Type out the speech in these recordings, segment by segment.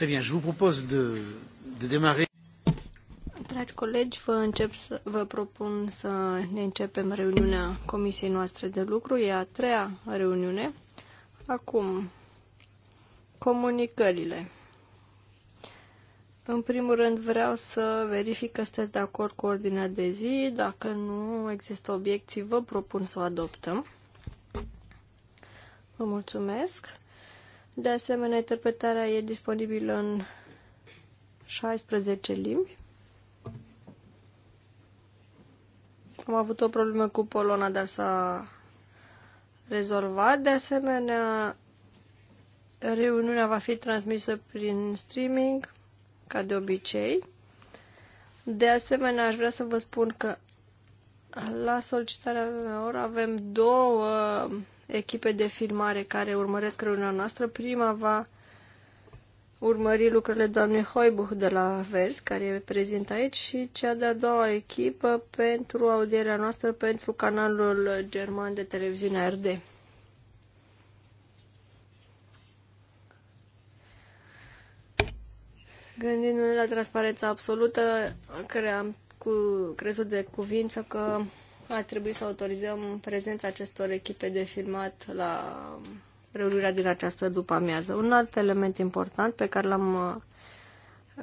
Très bien, je vous propose de, de démarrer. Dragi colegi, vă, încep să, vă propun să ne începem reuniunea comisiei noastre de lucru. E a treia reuniune. Acum, comunicările. În primul rând vreau să verific că sunteți de acord cu ordinea de zi. Dacă nu există obiecții, vă propun să o adoptăm. Vă mulțumesc. De asemenea, interpretarea e disponibilă în 16 limbi. Am avut o problemă cu Polona, dar s-a rezolvat. De asemenea, reuniunea va fi transmisă prin streaming, ca de obicei. De asemenea, aș vrea să vă spun că la solicitarea mea avem două echipe de filmare care urmăresc reuniunea noastră. Prima va urmări lucrurile doamnei Hoibuch de la Vers, care e prezent aici, și cea de-a doua echipă pentru audierea noastră pentru canalul german de televiziune RD. Gândindu-ne la transparența absolută, cream cu crezut de cuvință că ar trebui să autorizăm prezența acestor echipe de filmat la reuniunea din această după amiază. Un alt element important pe care l-am uh,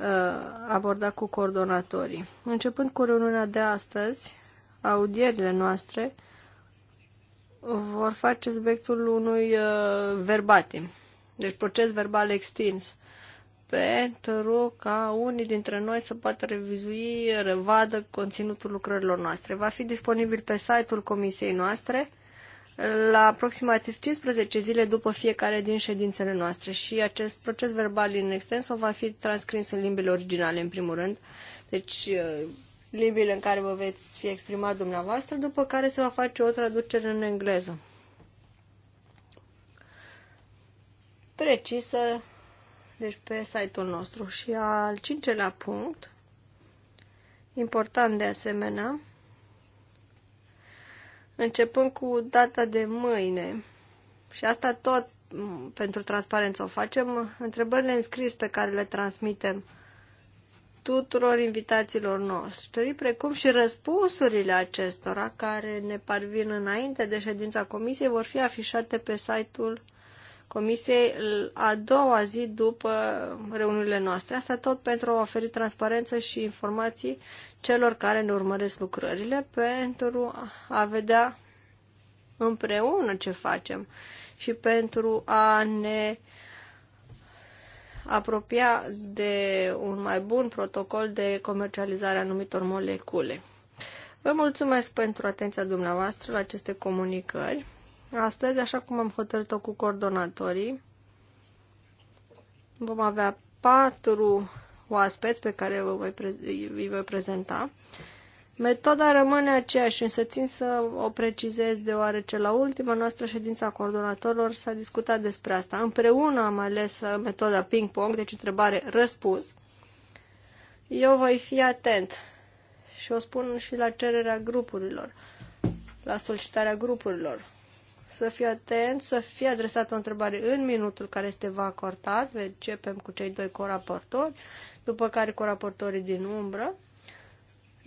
abordat cu coordonatorii. Începând cu reuniunea de astăzi, audierile noastre vor face subiectul unui uh, verbatim, deci proces verbal extins pentru ca unii dintre noi să poată revizui, revadă conținutul lucrărilor noastre. Va fi disponibil pe site-ul comisiei noastre la aproximativ 15 zile după fiecare din ședințele noastre și acest proces verbal în extens va fi transcris în limbile originale, în primul rând, deci uh, limbile în care vă veți fi exprimat dumneavoastră, după care se va face o traducere în engleză. Precisă deci pe site-ul nostru. Și al cincelea punct, important de asemenea, începând cu data de mâine, și asta tot pentru transparență o facem, întrebările înscris pe care le transmitem tuturor invitațiilor noștri, precum și răspunsurile acestora care ne parvin înainte de ședința comisiei, vor fi afișate pe site-ul Comisiei a doua zi după reuniunile noastre. Asta tot pentru a oferi transparență și informații celor care ne urmăresc lucrările pentru a vedea împreună ce facem și pentru a ne apropia de un mai bun protocol de comercializare a anumitor molecule. Vă mulțumesc pentru atenția dumneavoastră la aceste comunicări. Astăzi, așa cum am hotărât-o cu coordonatorii, vom avea patru oaspeți pe care vă voi îi voi prezenta. Metoda rămâne aceeași, însă țin să o precizez deoarece la ultima noastră ședință a coordonatorilor s-a discutat despre asta. Împreună am ales metoda ping-pong, deci întrebare-răspuns. Eu voi fi atent și o spun și la cererea grupurilor, la solicitarea grupurilor să fie atent, să fie adresată o întrebare în minutul care este va acordat, începem cu cei doi coraportori, după care coraportorii din umbră,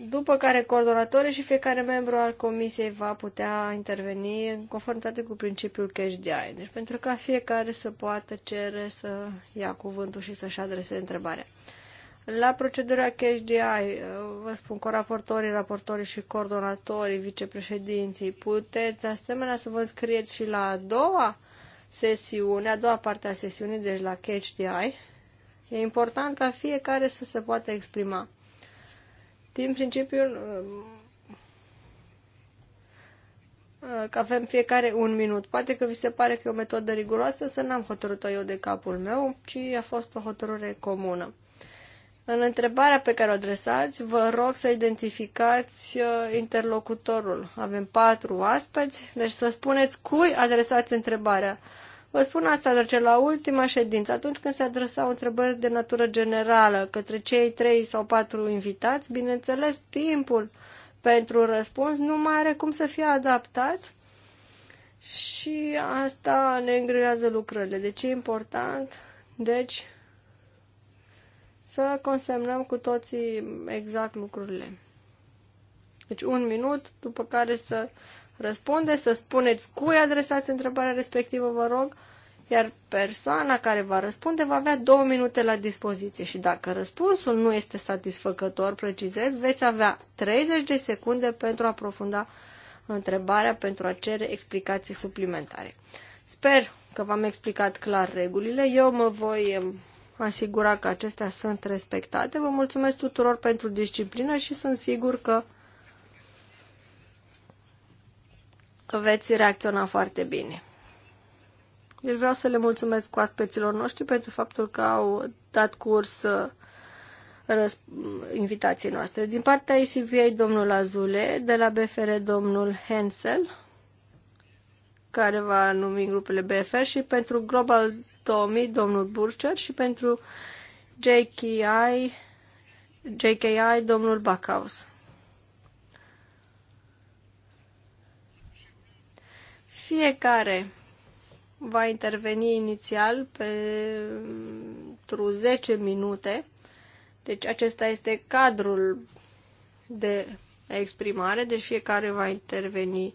după care coordonatorii și fiecare membru al comisiei va putea interveni în conformitate cu principiul cash de Deci pentru ca fiecare să poată cere să ia cuvântul și să-și adreseze întrebarea. La procedura CashDI, uh, vă spun că raportorii, raportorii și coordonatorii, vicepreședinții, puteți de asemenea să vă înscrieți și la a doua sesiune, a doua parte a sesiunii, deci la CashDI. E important ca fiecare să se poată exprima. Din principiu, că uh, uh, avem fiecare un minut. Poate că vi se pare că e o metodă riguroasă, să n-am hotărât-o eu de capul meu, ci a fost o hotărâre comună. În întrebarea pe care o adresați, vă rog să identificați uh, interlocutorul. Avem patru aspeți, deci să spuneți cui adresați întrebarea. Vă spun asta, ce la ultima ședință, atunci când se adresau întrebări de natură generală către cei trei sau patru invitați, bineînțeles, timpul pentru răspuns nu mai are cum să fie adaptat și asta ne îngrează lucrurile. Deci e important, deci să consemnăm cu toții exact lucrurile. Deci un minut, după care să răspunde, să spuneți cui adresați întrebarea respectivă, vă rog, iar persoana care va răspunde va avea două minute la dispoziție și dacă răspunsul nu este satisfăcător, precizez, veți avea 30 de secunde pentru a aprofunda întrebarea, pentru a cere explicații suplimentare. Sper că v-am explicat clar regulile. Eu mă voi vă asigura că acestea sunt respectate. Vă mulțumesc tuturor pentru disciplină și sunt sigur că veți reacționa foarte bine. Deci vreau să le mulțumesc cu aspeților noștri pentru faptul că au dat curs uh, invitației noastre. Din partea ICVA, domnul Azule, de la BFR, domnul Hensel, care va numi grupele BFR și pentru Global Tomi, domnul Burcher și pentru JKI, JKI domnul Backhaus. Fiecare va interveni inițial pentru 10 minute. Deci acesta este cadrul de exprimare, deci fiecare va interveni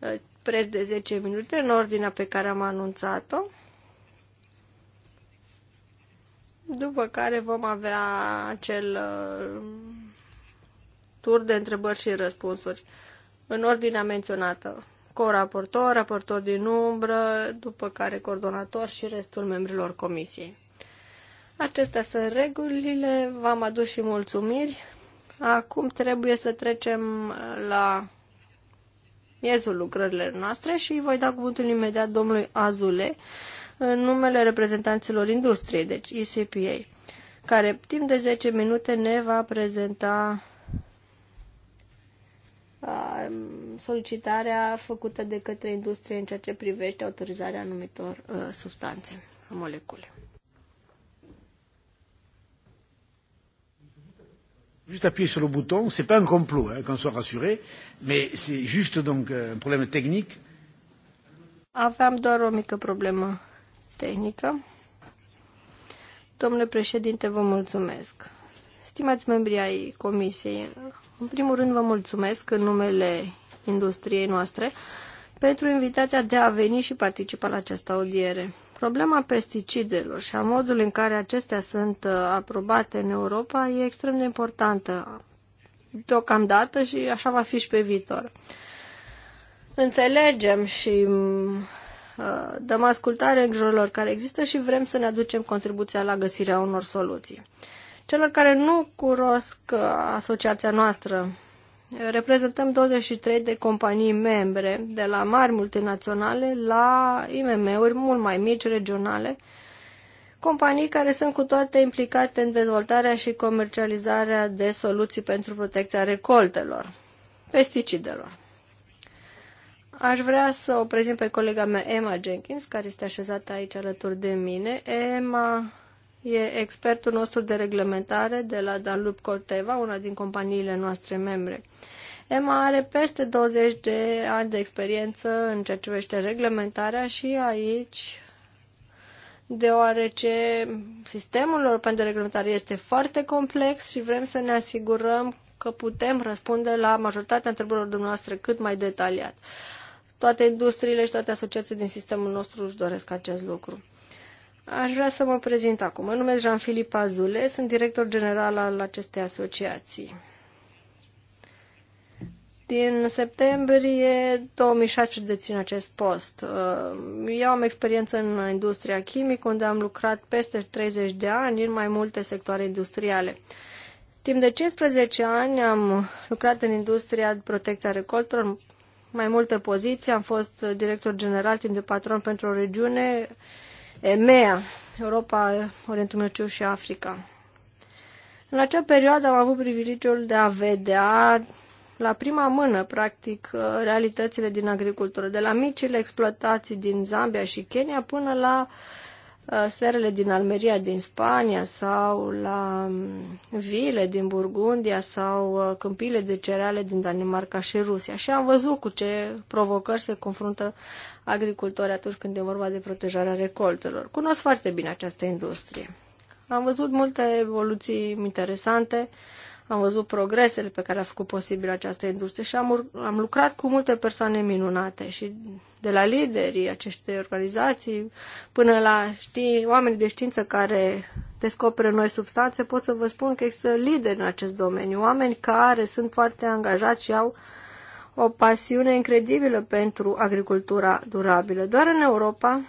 uh, preț de 10 minute în ordinea pe care am anunțat-o. După care vom avea acel uh, tur de întrebări și răspunsuri în ordinea menționată. Co-raportor, raportor din umbră, după care coordonator și restul membrilor comisiei. Acestea sunt regulile, v-am adus și mulțumiri. Acum trebuie să trecem la miezul lucrărilor noastre și voi da cuvântul imediat domnului Azule, în numele reprezentanților industriei, deci ECPA, care timp de 10 minute ne va prezenta solicitarea făcută de către industrie în ceea ce privește autorizarea anumitor uh, substanțe, molecule. Juste appuyer sur le bouton, n'est pas un complot, hein, qu'on soit rassuré, mais c'est juste donc euh, un problème technique. Aveam doar o mică problemă tehnică. Domnule președinte, vă mulțumesc. Stimați membri ai comisiei, în primul rând vă mulțumesc în numele industriei noastre pentru invitația de a veni și participa la această audiere. Problema pesticidelor și a modului în care acestea sunt uh, aprobate în Europa e extrem de importantă deocamdată și așa va fi și pe viitor. Înțelegem și mm, Eh, dăm ascultare îngrijorilor care există și vrem să ne aducem contribuția la găsirea unor soluții. Celor care nu cunosc eh, asociația noastră, eh, reprezentăm 23 de companii membre, de la mari multinaționale la IMM-uri mult mai mici, regionale, companii care sunt cu toate implicate în dezvoltarea și comercializarea de soluții pentru protecția recoltelor, pesticidelor. Aș vrea să o prezint pe colega mea, Emma Jenkins, care este așezată aici alături de mine. Emma e expertul nostru de reglementare de la Danlup Corteva, una din companiile noastre membre. Emma are peste 20 de ani de experiență în ceea ce privește reglementarea și aici deoarece sistemul european de reglementare este foarte complex și vrem să ne asigurăm că putem răspunde la majoritatea întrebărilor dumneavoastră cât mai detaliat. Toate industriile și toate asociațiile din sistemul nostru își doresc acest lucru. Aș vrea să mă prezint acum. Mă numesc Jean-Philippe Azule, sunt director general al acestei asociații. Din septembrie 2016 dețin acest post. Uh, eu am experiență în industria chimică, unde am lucrat peste 30 de ani în mai multe sectoare industriale. Timp de 15 ani am lucrat în industria de protecția recoltelor, mai multe poziții. Am fost director general timp de patron pentru o regiune, EMEA, Europa, Orientul Mijlociu și Africa. În acea perioadă am avut privilegiul de a vedea la prima mână, practic, realitățile din agricultură, de la micile exploatații din Zambia și Kenya până la uh, Uh, serele din Almeria din Spania sau la um, vile din Burgundia sau uh, câmpile de cereale din Danimarca și Rusia. Și am văzut cu ce provocări se confruntă agricultorii atunci când e vorba de protejarea recoltelor. Cunosc foarte bine această industrie. Am văzut multe evoluții interesante, am văzut progresele pe care a făcut posibil această industrie și am, am lucrat cu multe persoane minunate și de la liderii acestei organizații până la știi, oameni de știință care descoperă noi substanțe, pot să vă spun că există lideri în acest domeniu, oameni care sunt foarte angajați și au o pasiune incredibilă pentru agricultura durabilă. Doar în Europa,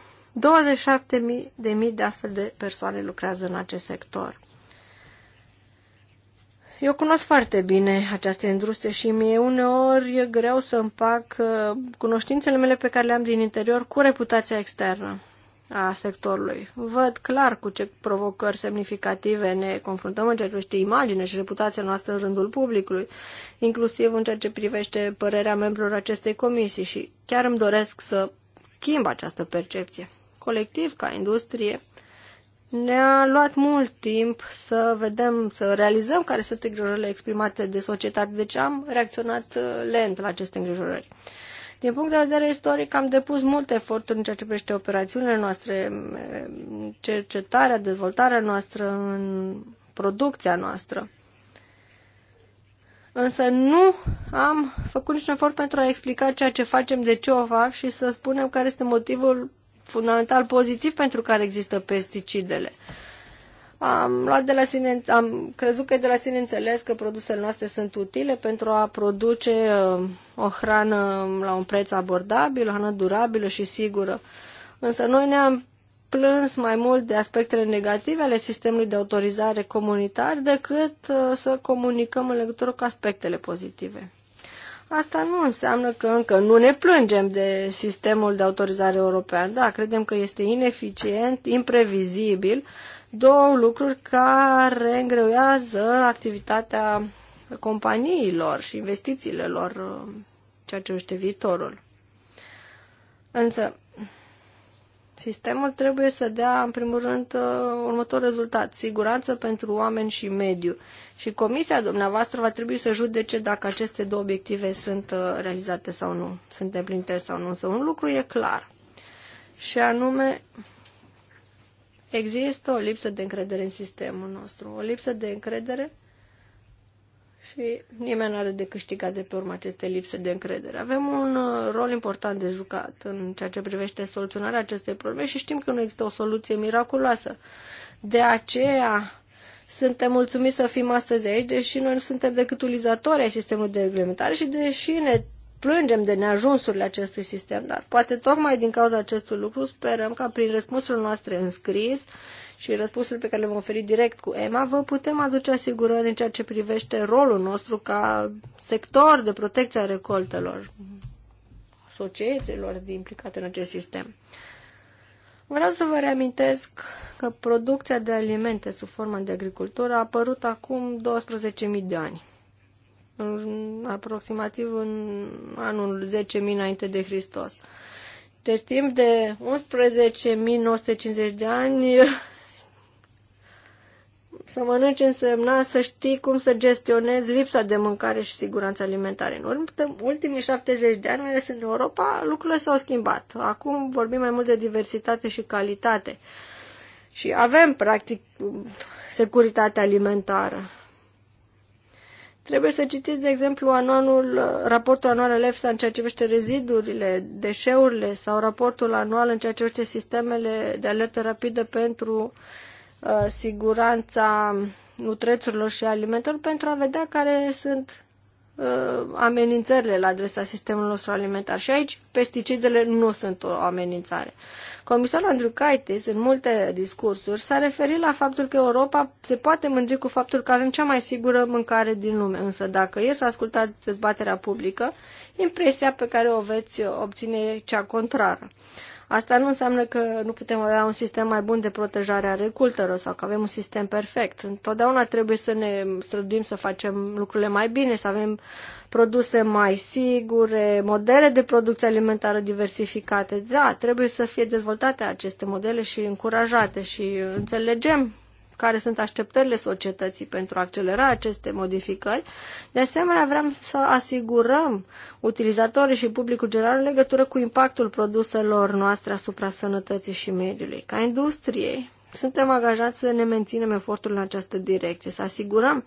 27.000 de astfel de persoane lucrează în acest sector. Eu cunosc foarte bine această industrie și mie uneori e greu să împac uh, cunoștințele mele pe care le am din interior cu reputația externă a sectorului. Văd clar cu ce provocări semnificative ne confruntăm în ceea ce privește imagine și reputația noastră în rândul publicului, inclusiv în ceea ce privește părerea membrilor acestei comisii și chiar îmi doresc să schimb această percepție. Colectiv, ca industrie, ne-a luat mult timp să vedem, să realizăm care sunt îngrijorările exprimate de societate, deci am reacționat uh, lent la aceste îngrijorări. Din punct de vedere istoric, am depus multe eforturi în ceea ce privește operațiunile noastre, cercetarea, dezvoltarea noastră, în producția noastră. Însă nu am făcut niciun efort pentru a explica ceea ce facem, de ce o fac și să spunem care este motivul fundamental pozitiv pentru care există pesticidele. Am, luat de la sine, am crezut că e de la sine înțeles că produsele noastre sunt utile pentru a produce uh, o hrană la un preț abordabil, o hrană durabilă și sigură. Însă noi ne-am plâns mai mult de aspectele negative ale sistemului de autorizare comunitar decât uh, să comunicăm în legătură cu aspectele pozitive. Asta nu înseamnă că încă nu ne plângem de sistemul de autorizare european. Da, credem că este ineficient, imprevizibil, două lucruri care îngreuiază activitatea companiilor și investițiile lor ceea ce viitorul. Însă, Sistemul trebuie să dea, în primul rând, uh, următor rezultat, siguranță pentru oameni și mediu. Și comisia dumneavoastră va trebui să judece dacă aceste două obiective sunt uh, realizate sau nu, sunt împlinite sau nu. Însă un lucru e clar, și anume, există o lipsă de încredere în sistemul nostru, o lipsă de încredere și nimeni nu are de câștigat de pe urma acestei lipse de încredere. Avem un uh, rol important de jucat în ceea ce privește soluționarea acestei probleme și știm că nu există o soluție miraculoasă. De aceea suntem mulțumiți să fim astăzi aici, deși noi nu suntem decât utilizatori ai sistemului de reglementare și deși ne plângem de neajunsurile acestui sistem, dar poate tocmai din cauza acestui lucru sperăm ca prin răspunsul noastre înscris și răspunsul pe care le vom oferi direct cu EMA, vă putem aduce asigurări în ceea ce privește rolul nostru ca sector de protecție a recoltelor, asociațiilor implicate în acest sistem. Vreau să vă reamintesc că producția de alimente sub formă de agricultură a apărut acum 12.000 de ani în, aproximativ în anul 10.000 înainte de Hristos. Deci timp de 11.950 de ani să mănânci însemna să știi cum să gestionezi lipsa de mâncare și siguranța alimentară. În ultimii 70 de ani, mai în Europa, lucrurile s-au schimbat. Acum vorbim mai mult de diversitate și calitate. Și avem, practic, securitate alimentară. Trebuie să citiți, de exemplu, anualul, raportul anual al EFSA în ceea ce privește rezidurile, deșeurile sau raportul anual în ceea ce privește sistemele de alertă rapidă pentru uh, siguranța nutrețurilor și alimentelor pentru a vedea care sunt uh, amenințările la adresa sistemului nostru alimentar. Și aici pesticidele nu sunt o amenințare. Comisarul Andriukaitis, în multe discursuri, s-a referit la faptul că Europa se poate mândri cu faptul că avem cea mai sigură mâncare din lume. Însă, dacă e să ascultați dezbaterea publică, impresia pe care o veți obține e cea contrară. Asta nu înseamnă că nu putem avea un sistem mai bun de protejare a recultelor sau că avem un sistem perfect. Întotdeauna trebuie să ne străduim să facem lucrurile mai bine, să avem produse mai sigure, modele de producție alimentară diversificate. Da, trebuie să fie dezvoltate aceste modele și încurajate și înțelegem care sunt așteptările societății pentru a accelera aceste modificări. De asemenea, vrem să asigurăm utilizatorii și publicul general în legătură cu impactul produselor noastre asupra sănătății și mediului. Ca industrie, suntem angajați să ne menținem efortul în această direcție, să asigurăm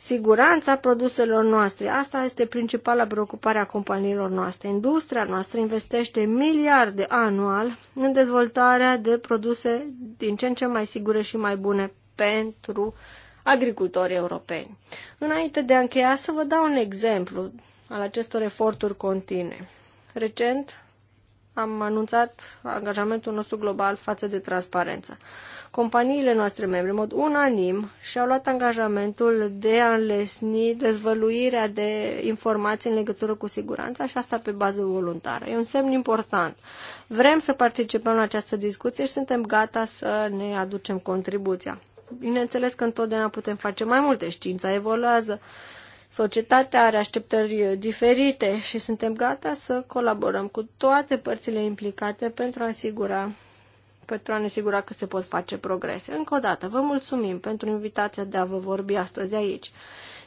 siguranța produselor noastre. Asta este principala preocupare a companiilor noastre. Industria noastră investește miliarde anual în dezvoltarea de produse din ce în ce mai sigure și mai bune pentru agricultorii europeni. Înainte de a încheia, să vă dau un exemplu al acestor eforturi continue. Recent, am anunțat angajamentul nostru global față de transparență. Companiile noastre membre, în mod unanim, și-au luat angajamentul de a înlesni dezvăluirea de informații în legătură cu siguranța și asta pe bază voluntară. E un semn important. Vrem să participăm la această discuție și suntem gata să ne aducem contribuția. Bineînțeles că întotdeauna putem face mai multe. Știința evoluează Societatea are așteptări diferite și suntem gata să colaborăm cu toate părțile implicate pentru a asigura pentru a ne asigura că se pot face progrese. Încă o dată, vă mulțumim pentru invitația de a vă vorbi astăzi aici.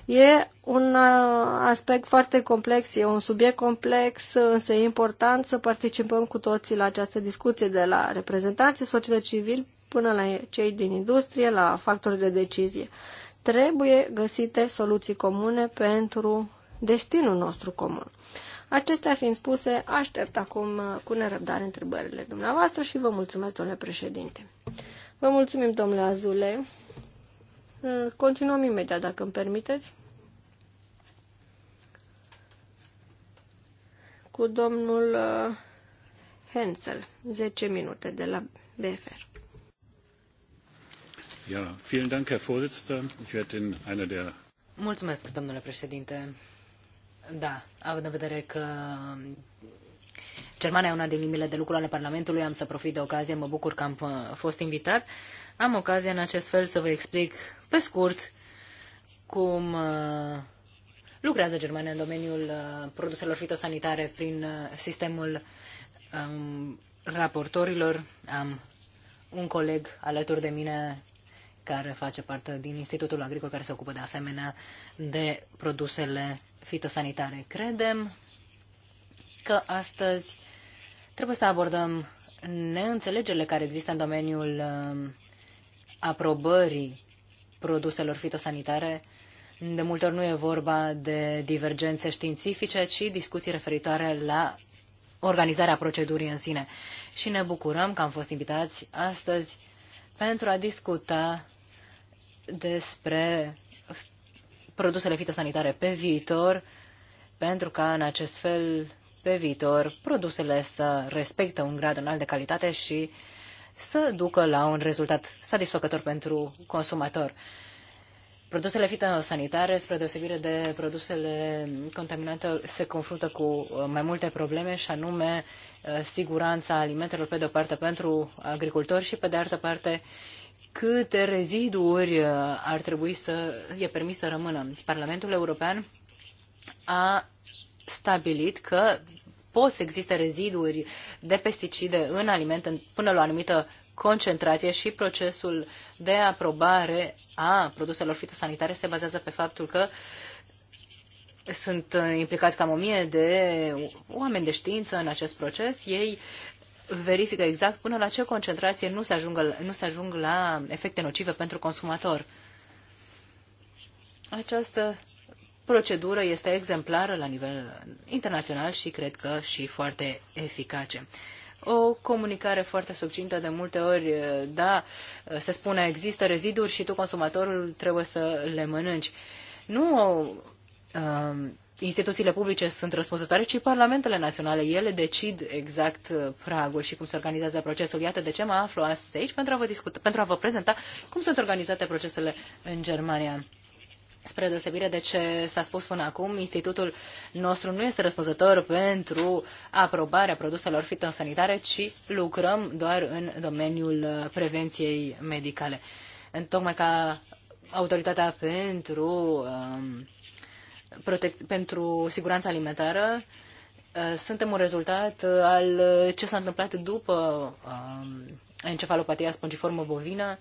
E un uh, aspect foarte complex, e un subiect complex, însă e important să participăm cu toții la această discuție, de la reprezentanții societății civil până la cei din industrie, la factorii de decizie trebuie găsite soluții comune pentru destinul nostru comun. Acestea fiind spuse, aștept acum uh, cu nerăbdare întrebările dumneavoastră și vă mulțumesc, domnule președinte. Vă mulțumim, domnule Azule. Uh, continuăm imediat, dacă îmi permiteți. Cu domnul uh, Hensel, 10 minute de la BFR. Mulțumesc, domnule președinte. Da, având în vedere că Germania e una din limbile de lucru ale Parlamentului, am să profit de ocazie, mă bucur că am fost invitat. Am ocazia în acest fel să vă explic pe scurt cum uh, lucrează Germania în domeniul uh, produselor fitosanitare prin uh, sistemul um, raportorilor. Am un coleg alături de mine care face parte din Institutul Agricol care se ocupă de asemenea de produsele fitosanitare. Credem că astăzi trebuie să abordăm neînțelegerile care există în domeniul um, aprobării produselor fitosanitare. De multe ori nu e vorba de divergențe științifice, ci discuții referitoare la organizarea procedurii în sine. Și ne bucurăm că am fost invitați astăzi pentru a discuta despre produsele fitosanitare pe viitor, pentru ca în acest fel pe viitor produsele să respecte un grad înalt de calitate și să ducă la un rezultat satisfăcător pentru consumator. Produsele fitosanitare, spre deosebire de produsele contaminante, se confruntă cu uh, mai multe probleme și anume uh, siguranța alimentelor pe de o parte pentru agricultori și pe de altă parte câte reziduuri uh, ar trebui să e permis să rămână. Parlamentul European a stabilit că pot să existe reziduuri de pesticide în alimente până la o anumită concentrație și procesul de aprobare a produselor fitosanitare se bazează pe faptul că sunt uh, implicați cam o mie de oameni de știință în acest proces. Ei verifică exact până la ce concentrație nu se, ajungă, nu se ajung la efecte nocive pentru consumator. Această procedură este exemplară la nivel internațional și cred că și foarte eficace. O comunicare foarte subțintă de multe ori, da, se spune există reziduri și tu, consumatorul, trebuie să le mănânci. Nu um, instituțiile publice sunt răspunzătoare, ci parlamentele naționale. Ele decid exact uh, pragul și cum se organizează procesul. Iată de ce mă aflu astăzi aici pentru a vă, discuta, pentru a vă prezenta cum sunt organizate procesele în Germania. Spre deosebire de ce s-a spus până acum, institutul nostru nu este răspunzător pentru aprobarea produselor fitosanitare, ci lucrăm doar în domeniul uh, prevenției medicale. Tocmai ca autoritatea pentru um, pentru siguranța alimentară uh, suntem un rezultat uh, al uh, ce s-a întâmplat după encefalopatia spongiformă bovină.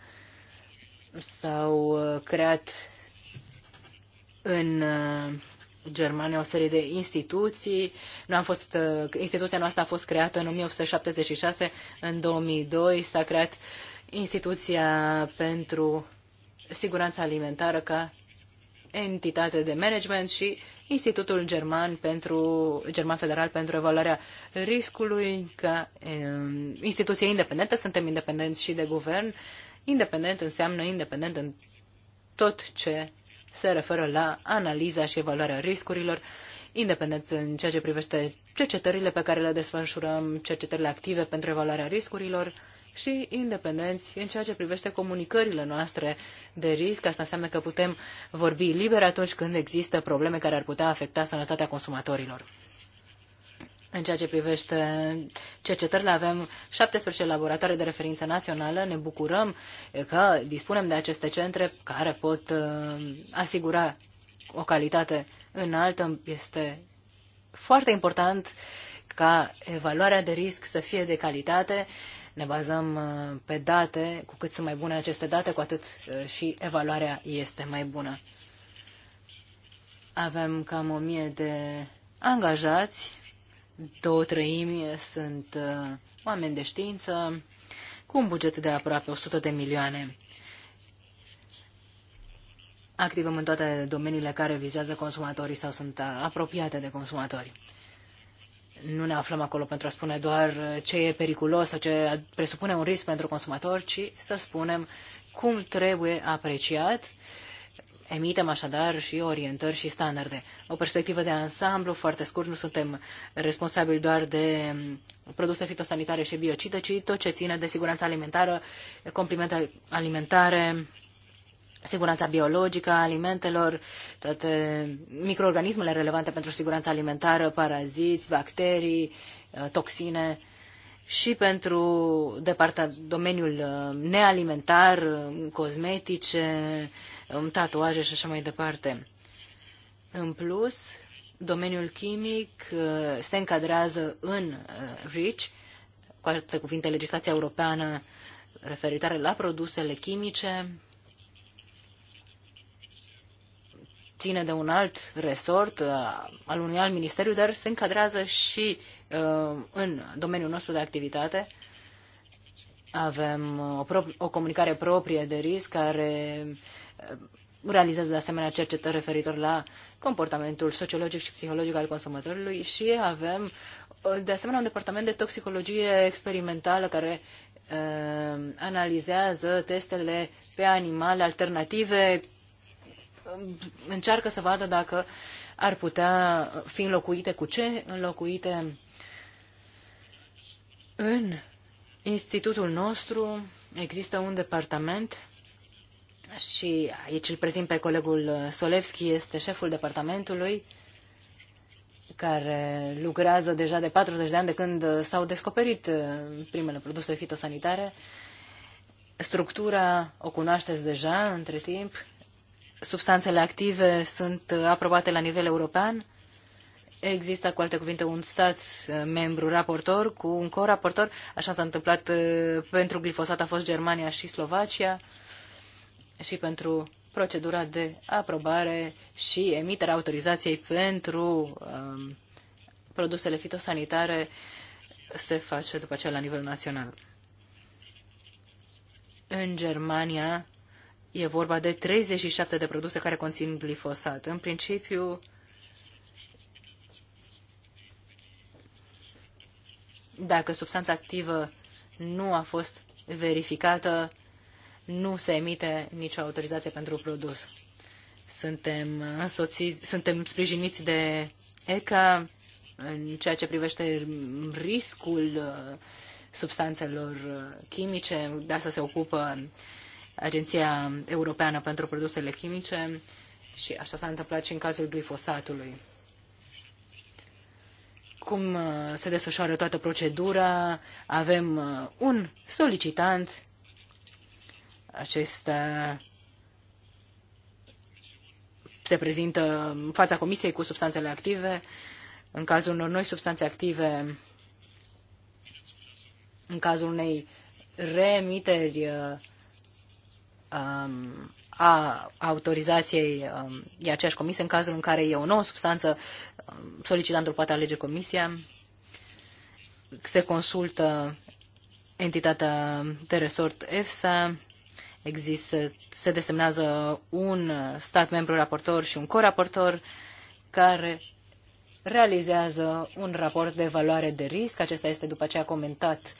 S-au creat în Germania o serie de instituții. Nu am fost, instituția noastră a fost creată în 1876, în 2002 s-a creat instituția pentru siguranța alimentară ca entitate de management și Institutul German, pentru, German Federal pentru Evaluarea Riscului, ca um, instituție independentă, suntem independenți și de guvern. Independent înseamnă independent în tot ce se referă la analiza și evaluarea riscurilor, independent în ceea ce privește cercetările pe care le desfășurăm, cercetările active pentru evaluarea riscurilor, și independenți în ceea ce privește comunicările noastre de risc. Asta înseamnă că putem vorbi liber atunci când există probleme care ar putea afecta sănătatea consumatorilor. În ceea ce privește cercetările, avem 17 laboratoare de referință națională. Ne bucurăm că dispunem de aceste centre care pot uh, asigura o calitate înaltă. Este foarte important ca evaluarea de risc să fie de calitate ne bazăm uh, pe date, cu cât sunt mai bune aceste date, cu atât uh, și evaluarea este mai bună. Avem cam o mie de angajați, două trăimi sunt uh, oameni de știință, cu un buget de aproape 100 de milioane. Activăm în toate domeniile care vizează consumatorii sau sunt apropiate de consumatori nu ne aflăm acolo pentru a spune doar ce e periculos sau ce presupune un risc pentru consumator, ci să spunem cum trebuie apreciat. Emitem așadar și orientări și standarde. O perspectivă de ansamblu foarte scurt, nu suntem responsabili doar de produse fitosanitare și biocide, ci tot ce ține de siguranța alimentară, complimente alimentare, siguranța biologică a alimentelor, toate microorganismele relevante pentru siguranța alimentară, paraziți, bacterii, uh, toxine și pentru departa, domeniul uh, nealimentar, uh, cosmetice, um, tatuaje și așa mai departe. În plus, domeniul chimic se încadrează în REACH, cu alte cuvinte, legislația europeană referitoare la produsele chimice, ține de un alt resort uh, al unui alt ministeriu, dar se încadrează și uh, în domeniul nostru de activitate. Avem uh, o, pro- o comunicare proprie de risc care realizează de asemenea cercetări referitor la comportamentul sociologic și psihologic al consumatorului și avem de asemenea un departament de toxicologie experimentală care uh, analizează testele pe animale alternative încearcă să vadă dacă ar putea fi înlocuite cu ce înlocuite în institutul nostru există un departament și aici îl prezint pe colegul Solevski, este șeful departamentului care lucrează deja de 40 de ani de când s-au descoperit uh, primele produse fitosanitare. Structura o cunoașteți deja între timp substanțele active sunt aprobate la nivel european. Există, cu alte cuvinte, un stat membru raportor cu un co-raportor. Așa s-a întâmplat uh, pentru glifosat a fost Germania și Slovacia și pentru procedura de aprobare și emiterea autorizației pentru um, produsele fitosanitare se face după aceea la nivel național. În Germania E vorba de 37 de produse care conțin glifosat. În principiu, dacă substanța activă nu a fost verificată, nu se emite nicio autorizație pentru produs. Suntem, însoțiți, suntem sprijiniți de ECA în ceea ce privește riscul uh, substanțelor uh, chimice. De asta se ocupă Agenția Europeană pentru Produsele Chimice și așa s-a întâmplat și în cazul glifosatului. Cum uh, se desfășoară toată procedura? Avem uh, un solicitant. Acesta se prezintă în fața comisiei cu substanțele active. În cazul unor noi substanțe active, în cazul unei reemiteri uh, um, a autorizației um, e aceeași comisie în cazul în care e o nouă substanță, um, solicitantul poate alege comisia, se consultă entitatea de resort EFSA, există, se desemnează un stat membru raportor și un coraportor care realizează un raport de evaluare de risc. Acesta este după aceea comentat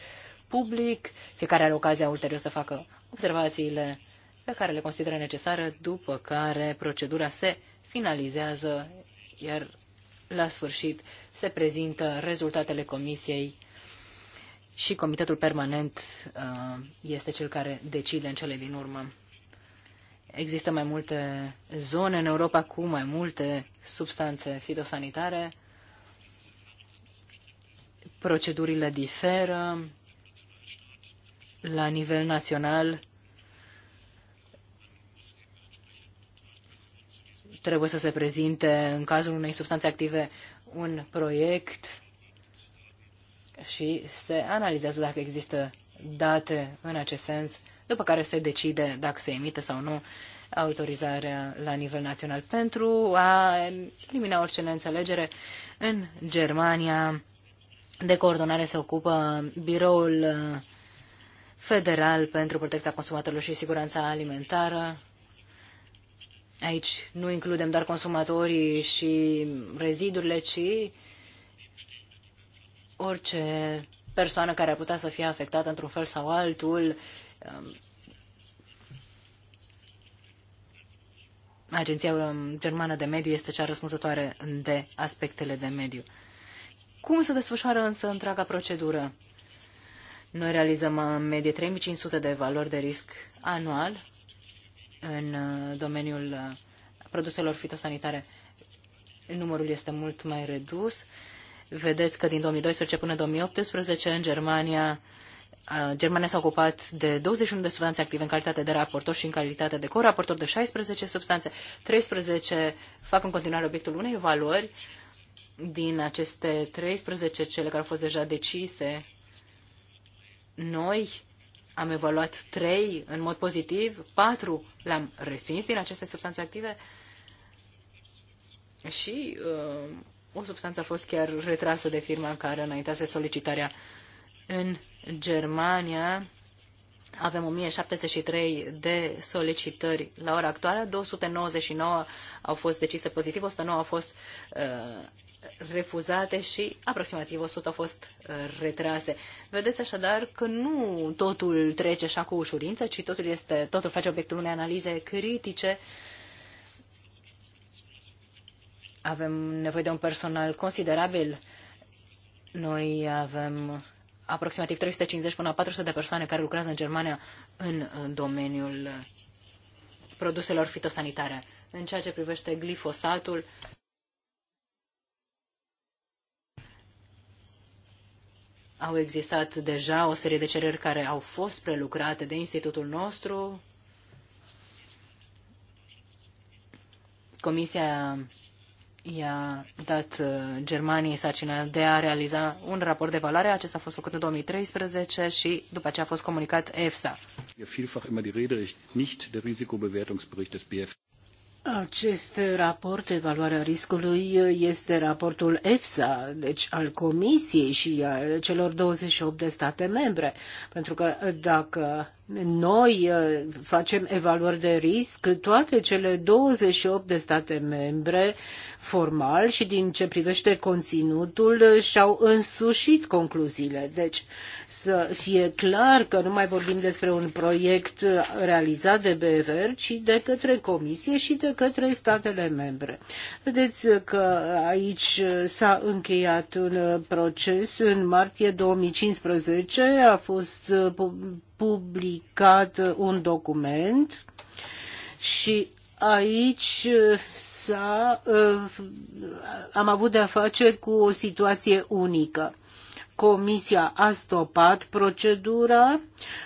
public. Fiecare are ocazia ulterior să facă observațiile pe care le consideră necesară, după care procedura se finalizează, iar la sfârșit se prezintă rezultatele comisiei și comitetul permanent uh, este cel care decide în cele din urmă. Există mai multe zone în Europa cu mai multe substanțe fitosanitare. Procedurile diferă la nivel național trebuie să se prezinte în cazul unei substanțe active un proiect și se analizează dacă există date în acest sens, după care se decide dacă se emite sau nu autorizarea la nivel național pentru a elimina orice neînțelegere. În Germania de coordonare se ocupă biroul federal pentru protecția consumatorilor și siguranța alimentară, Aici nu includem doar consumatorii și rezidurile, ci orice persoană care ar putea să fie afectată într-un fel sau altul. Um, Agenția um, Germană de Mediu este cea răspunzătoare de aspectele de mediu. Cum se desfășoară însă întreaga procedură? Noi realizăm în uh, medie 3500 de valori de risc anual în uh, domeniul uh, produselor fitosanitare numărul este mult mai redus. Vedeți că din 2012 până 2018 în Germania uh, Germania s-a ocupat de 21 de substanțe active în calitate de raportor și în calitate de coraportor de 16 substanțe. 13 fac în continuare obiectul unei evaluări. Din aceste 13, cele care au fost deja decise, noi am evaluat trei în mod pozitiv, patru le-am respins din aceste substanțe active și uh, o substanță a fost chiar retrasă de firma care înaintease solicitarea. În Germania avem 1073 de solicitări la ora actuală, 299 au fost decise pozitiv, 109 au fost uh, refuzate și aproximativ 100 au fost uh, retrase. Vedeți așadar că nu totul trece așa cu ușurință, ci totul, este, totul face obiectul unei analize critice. Avem nevoie de un personal considerabil. Noi avem aproximativ 350 până la 400 de persoane care lucrează în Germania în uh, domeniul uh, produselor fitosanitare. În ceea ce privește glifosatul, Au existat deja o serie de cereri care au fost prelucrate de institutul nostru. Comisia i-a dat uh, Germaniei sarcina de a realiza un raport de valoare. Acesta a fost făcut în 2013 și după aceea a fost comunicat EFSA. Vielfach immer die Rede nicht der Risikobewertungsbericht des acest raport evaluarea riscului este raportul EFSA, deci al Comisiei și al celor 28 de state membre, pentru că dacă noi uh, facem evaluări de risc toate cele 28 de state membre formal și din ce privește conținutul și-au însușit concluziile. Deci să fie clar că nu mai vorbim despre un proiect realizat de BFR, ci de către Comisie și de către statele membre. Vedeți că aici s-a încheiat un proces în martie 2015, a fost publicat un document și aici s-a, uh, am avut de-a face cu o situație unică. Comisia a stopat procedura.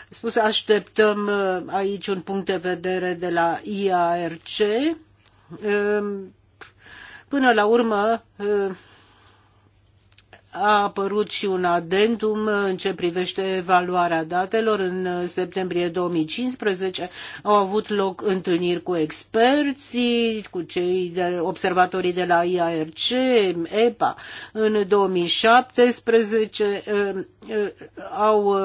Spus, așteptăm uh, aici un punct de vedere de la IARC. Um, până la urmă, uh, a apărut și un adendum în ce privește evaluarea datelor. În septembrie 2015 au avut loc întâlniri cu experții, cu cei de observatorii de la IARC, EPA. În 2017 au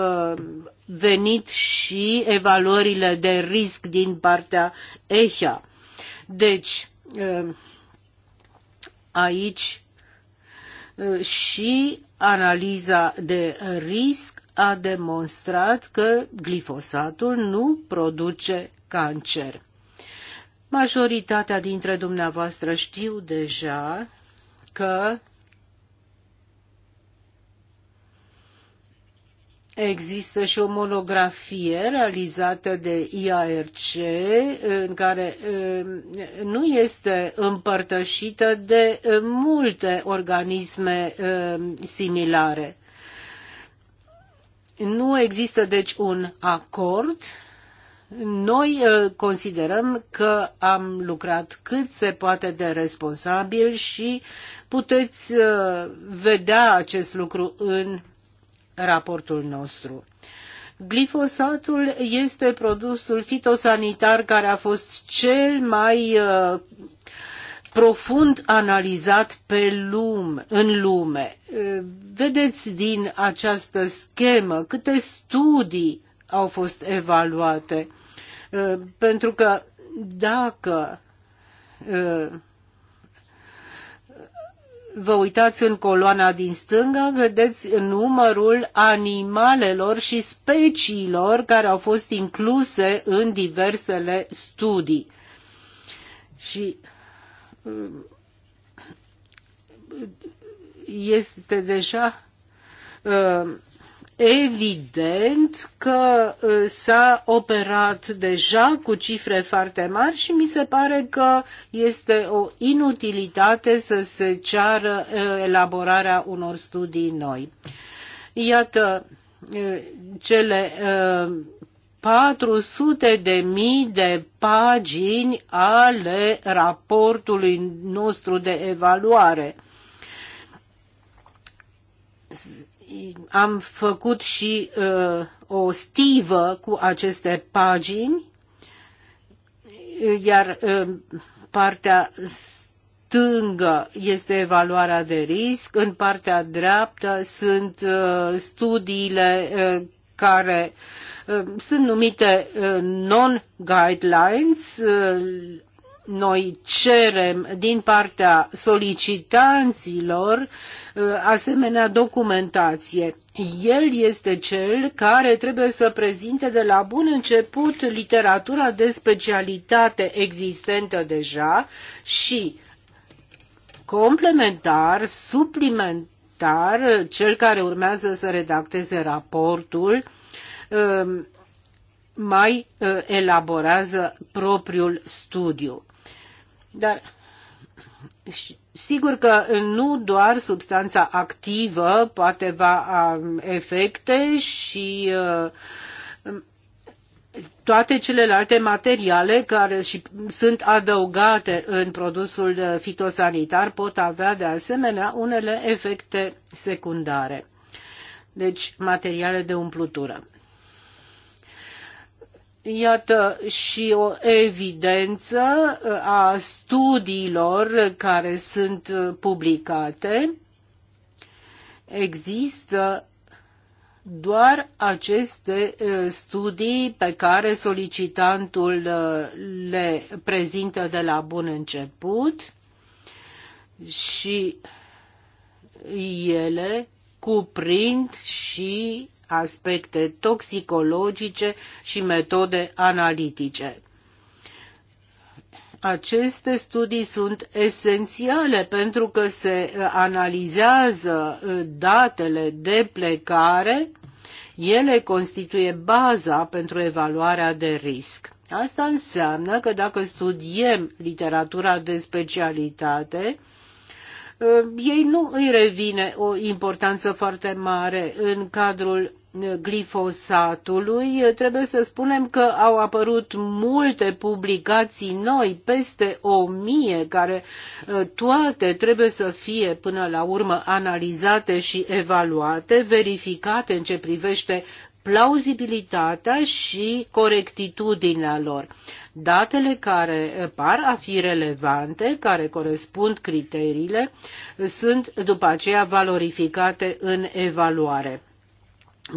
venit și evaluările de risc din partea EHA. Deci, aici și analiza de risc a demonstrat că glifosatul nu produce cancer. Majoritatea dintre dumneavoastră știu deja că Există și o monografie realizată de IARC în care eh, nu este împărtășită de eh, multe organisme eh, similare. Nu există deci un acord. Noi considerăm că am lucrat cât se poate de responsabil și puteți vedea acest lucru în raportul nostru. Glifosatul este produsul fitosanitar care a fost cel mai uh, profund analizat pe lume, în lume. Uh, vedeți din această schemă câte studii au fost evaluate. Uh, pentru că dacă vă uitați în coloana din stânga, vedeți numărul animalelor și speciilor care au fost incluse în diversele studii. Și uh, este deja uh, Evident că uh, s-a operat deja cu cifre foarte mari și mi se pare că este o inutilitate să se ceară uh, elaborarea unor studii noi. Iată uh, cele 400 de mii de pagini ale raportului nostru de evaluare am făcut și uh, o stivă cu aceste pagini, iar uh, partea stângă este evaluarea de risc, în partea dreaptă sunt uh, studiile uh, care uh, sunt numite uh, non-guidelines, uh, noi cerem din partea solicitanților uh, asemenea documentație. El este cel care trebuie să prezinte de la bun început literatura de specialitate existentă deja și complementar, suplimentar, cel care urmează să redacteze raportul uh, mai uh, elaborează propriul studiu. Dar sigur că nu doar substanța activă poate va um, efecte și uh, toate celelalte materiale care și sunt adăugate în produsul fitosanitar pot avea de asemenea unele efecte secundare. Deci materiale de umplutură iată și o evidență uh, a studiilor care sunt uh, publicate. Există doar aceste uh, studii pe care solicitantul le prezintă de la bun început și ele cuprind și aspecte toxicologice și metode analitice. Aceste studii sunt esențiale pentru că se analizează uh, datele de plecare, ele constituie baza pentru evaluarea de risc. Asta înseamnă că dacă studiem literatura de specialitate, uh, ei nu îi revine o importanță foarte mare în cadrul glifosatului, trebuie să spunem că au apărut multe publicații noi, peste o mie, care uh, toate trebuie să fie până la urmă analizate și evaluate, verificate în ce privește plauzibilitatea și corectitudinea lor. Datele care uh, par a fi relevante, care corespund criteriile, sunt după aceea valorificate în evaluare.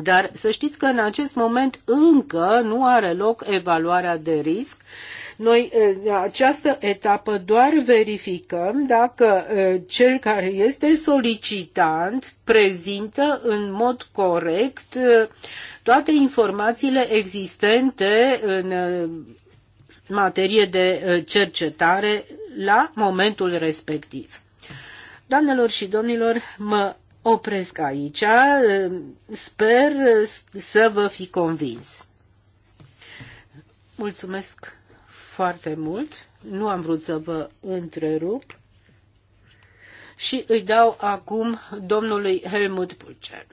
Dar să știți că în acest moment încă nu are loc evaluarea de risc. Noi în această etapă doar verificăm dacă cel care este solicitant prezintă în mod corect toate informațiile existente în materie de cercetare la momentul respectiv. Doamnelor și domnilor, mă opresc aici. Sper să vă fi convins. Mulțumesc foarte mult. Nu am vrut să vă întrerup. Și îi dau acum domnului Helmut Pulcer.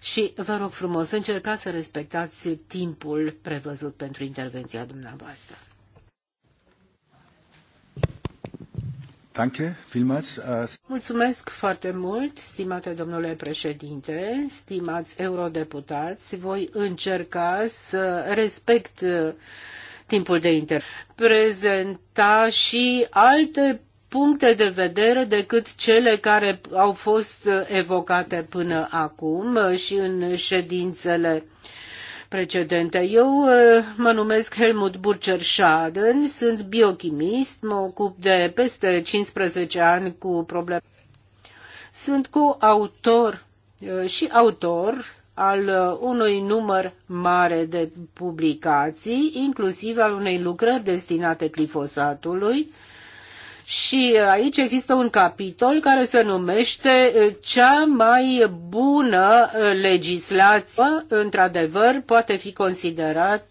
Și vă rog frumos, încercați să respectați timpul prevăzut pentru intervenția dumneavoastră. Danke, vielmals. Äh, Mulțumesc foarte mult, stimate domnule președinte, stimați eurodeputați. Voi încerca să respect uh, timpul de inter. Prezenta și alte puncte de vedere decât cele care au fost evocate până acum și în ședințele uh, precedente. Eu uh, mă numesc Helmut Burger Schaden, sunt biochimist, mă ocup de peste 15 ani cu probleme. Sunt coautor uh, și autor al uh, unui număr mare de publicații, inclusiv al unei lucrări destinate glifosatului, și uh, aici există un capitol care se numește uh, cea mai bună uh, legislație, într-adevăr, poate fi considerat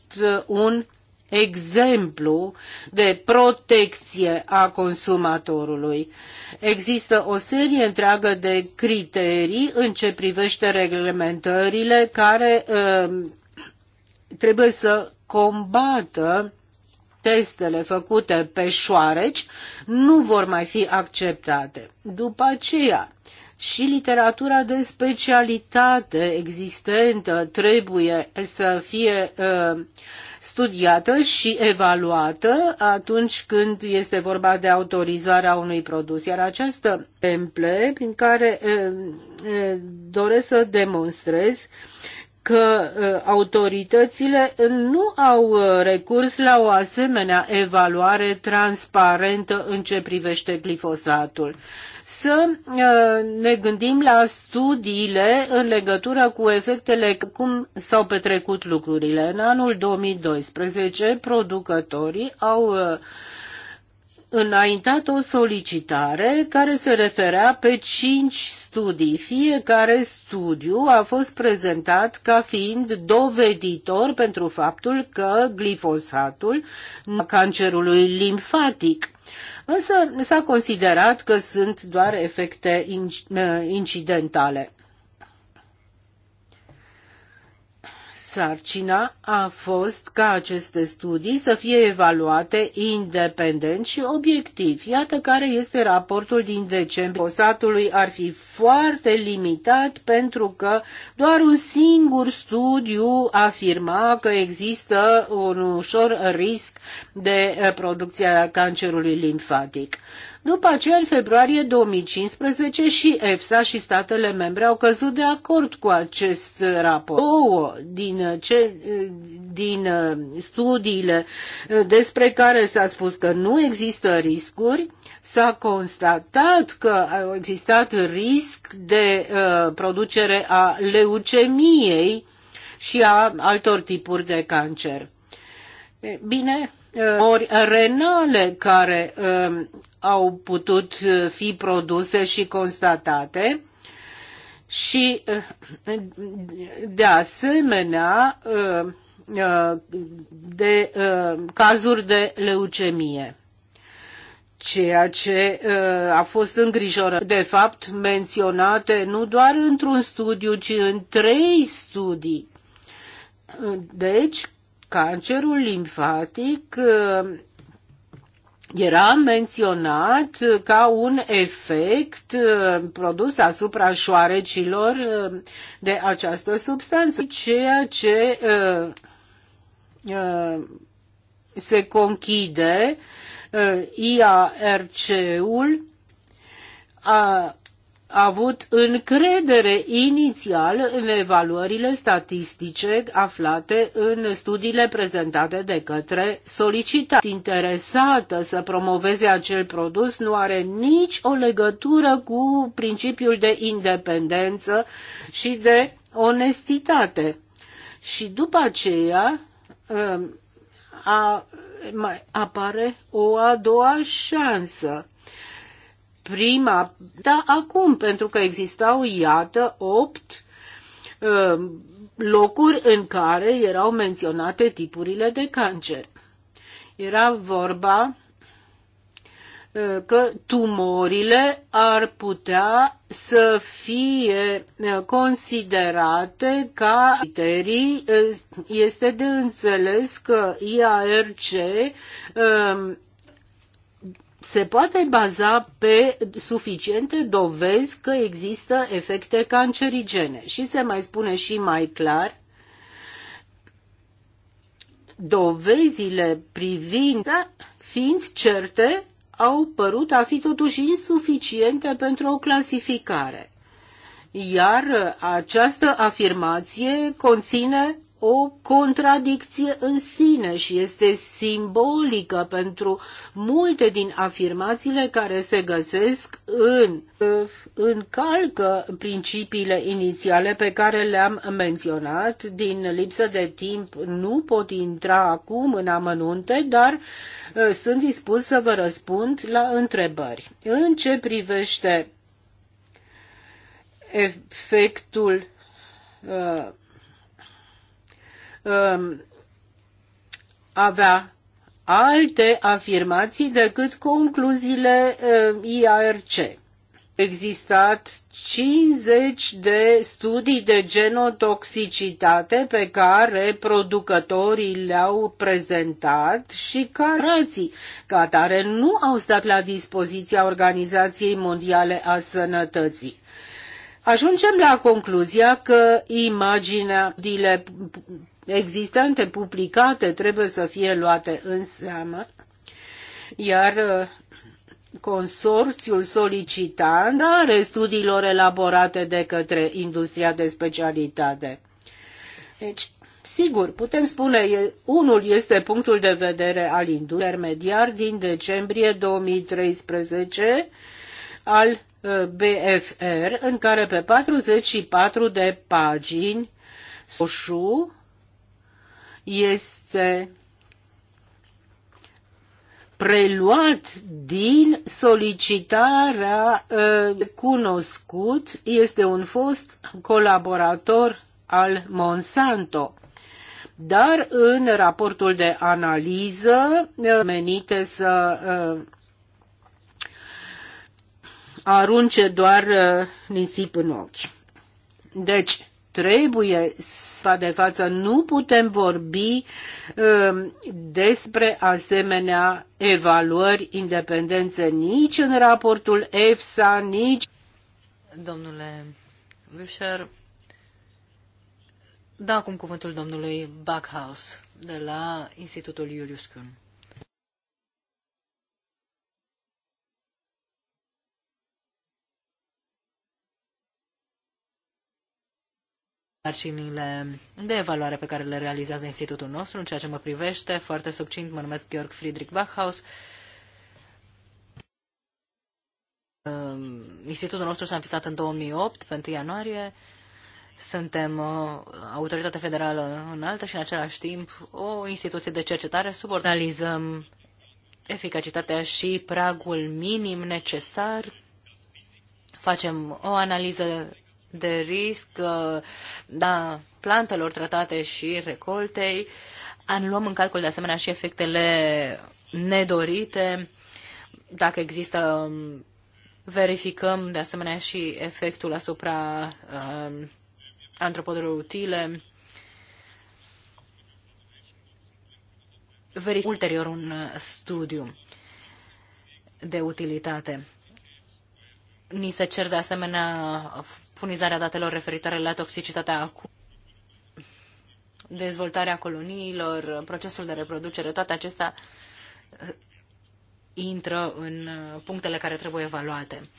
un exemplu de protecție a consumatorului. Există o serie întreagă de criterii în ce privește reglementările care uh, trebuie să combată testele făcute pe șoareci nu vor mai fi acceptate. După aceea, și literatura de specialitate existentă trebuie să fie uh, studiată și evaluată atunci când este vorba de autorizarea unui produs. Iar această temple prin care uh, uh doresc să demonstrez uh, că ă, autoritățile nu au ă, recurs la o asemenea evaluare transparentă în ce privește glifosatul. Să ă, ne gândim la studiile în legătură cu efectele cum s-au petrecut lucrurile. În anul 2012, producătorii au înaintat o solicitare care se referea pe cinci studii. Fiecare studiu a fost prezentat ca fiind doveditor pentru faptul că glifosatul cancerului limfatic. Însă s-a considerat că sunt doar efecte incidentale. sarcina a fost ca aceste studii să fie evaluate independent și obiectiv. Iată care este raportul din decembrie. Posatului ar fi foarte limitat pentru că doar un singur studiu afirma că există un ușor risc de producția cancerului limfatic. După aceea, în februarie 2015, și EFSA și statele membre au căzut de acord cu acest raport. Două din, ce, din uh, studiile uh, despre care s-a spus că nu există riscuri, s-a constatat că a existat risc de uh, producere a leucemiei și a altor tipuri de cancer. Bine, uh, ori renale care au putut uh, fi produse și constatate. Și, uh, de asemenea, uh, de cazuri de leucemie ceea ce a fost îngrijorat De fapt, menționate nu doar într-un studiu, ci în trei studii. Deci, cancerul limfatic era menționat ca un efect uh, produs asupra șoarecilor uh, de această substanță, ceea ce uh, se conchide IARC-ul a avut încredere inițial în evaluările statistice aflate în studiile prezentate de către solicitat Interesată să promoveze acel produs nu are nici o legătură cu principiul de independență și de onestitate. Și după aceea um, a, mai apare o a doua șansă prima, da, acum, pentru că existau, iată, opt uh, locuri în care erau menționate tipurile de cancer. Era vorba uh, că tumorile ar putea să fie uh, considerate ca criterii. Este de înțeles că IARC se poate baza pe suficiente dovezi că există efecte cancerigene. Și se mai spune și mai clar, dovezile privind fiind certe au părut a fi totuși insuficiente pentru o clasificare. Iar această afirmație conține o contradicție în sine și este simbolică pentru multe din afirmațiile care se găsesc în încalcă principiile inițiale pe care le-am menționat. Din lipsă de timp nu pot intra acum în amănunte, dar uh, sunt dispus să vă răspund la întrebări. În ce privește efectul uh, Um, avea alte afirmații decât concluziile um, IARC. Existat 50 de studii de genotoxicitate pe care producătorii le-au prezentat și carații ca nu au stat la dispoziția Organizației Mondiale a Sănătății. Ajungem la concluzia că imaginea existente publicate trebuie să fie luate în seamă, iar uh, consorțiul solicitant are studiilor elaborate de către industria de specialitate. Deci, sigur, putem spune, unul este punctul de vedere al intermediar din decembrie 2013 al uh, BFR, în care pe 44 de pagini Soșu este preluat din solicitarea uh, cunoscut, este un fost colaborator al Monsanto. Dar în raportul de analiză uh, menite să uh, arunce doar nisip în ochi. Deci, trebuie să de față. Nu putem vorbi um, despre asemenea evaluări independențe nici în raportul EFSA, nici... Domnule Wifscher, da acum cuvântul domnului Backhaus de la Institutul Julius Kuhn. sarcinile de evaluare pe care le realizează institutul nostru. În ceea ce mă privește, foarte subțint, mă numesc Georg Friedrich Bachhaus. Um, institutul nostru s-a înființat în 2008, pe 1 ianuarie. Suntem o uh, autoritate federală înaltă și în același timp o instituție de cercetare subordinalizăm eficacitatea și pragul minim necesar facem o analiză de risc uh, da, plantelor tratate și recoltei. An luăm în calcul de asemenea și efectele nedorite, dacă există um, verificăm de asemenea și efectul asupra uh, um, antropodelor utile. Verific ulterior un uh, studiu de utilitate. Ni se cer de asemenea furnizarea datelor referitoare la toxicitatea dezvoltarea coloniilor, procesul de reproducere, toate acestea uh, intră în uh, punctele care trebuie evaluate.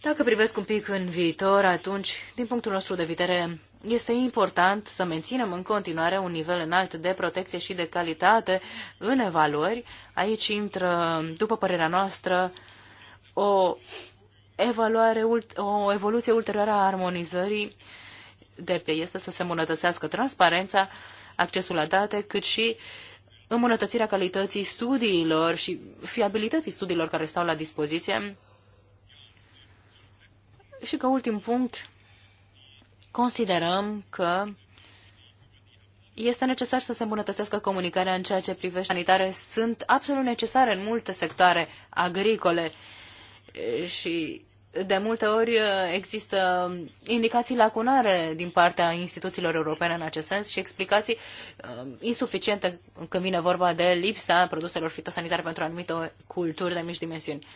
Dacă privesc un pic în viitor, atunci, din punctul nostru de vedere, este important să menținem în continuare un nivel înalt de protecție și de calitate în evaluări. Aici intră, după părerea noastră, o evaluare, o evoluție ulterioară a armonizării de pe este să se îmbunătățească transparența, accesul la date, cât și îmbunătățirea calității studiilor și fiabilității studiilor care stau la dispoziție. Și ca ultim punct, considerăm că este necesar să se îmbunătățească comunicarea în ceea ce privește sanitare. Sunt absolut necesare în multe sectoare agricole și de multe ori există indicații lacunare din partea instituțiilor europene în acest sens și explicații um, insuficiente când vine vorba de lipsa produselor fitosanitare pentru anumite culturi de mici dimensiuni.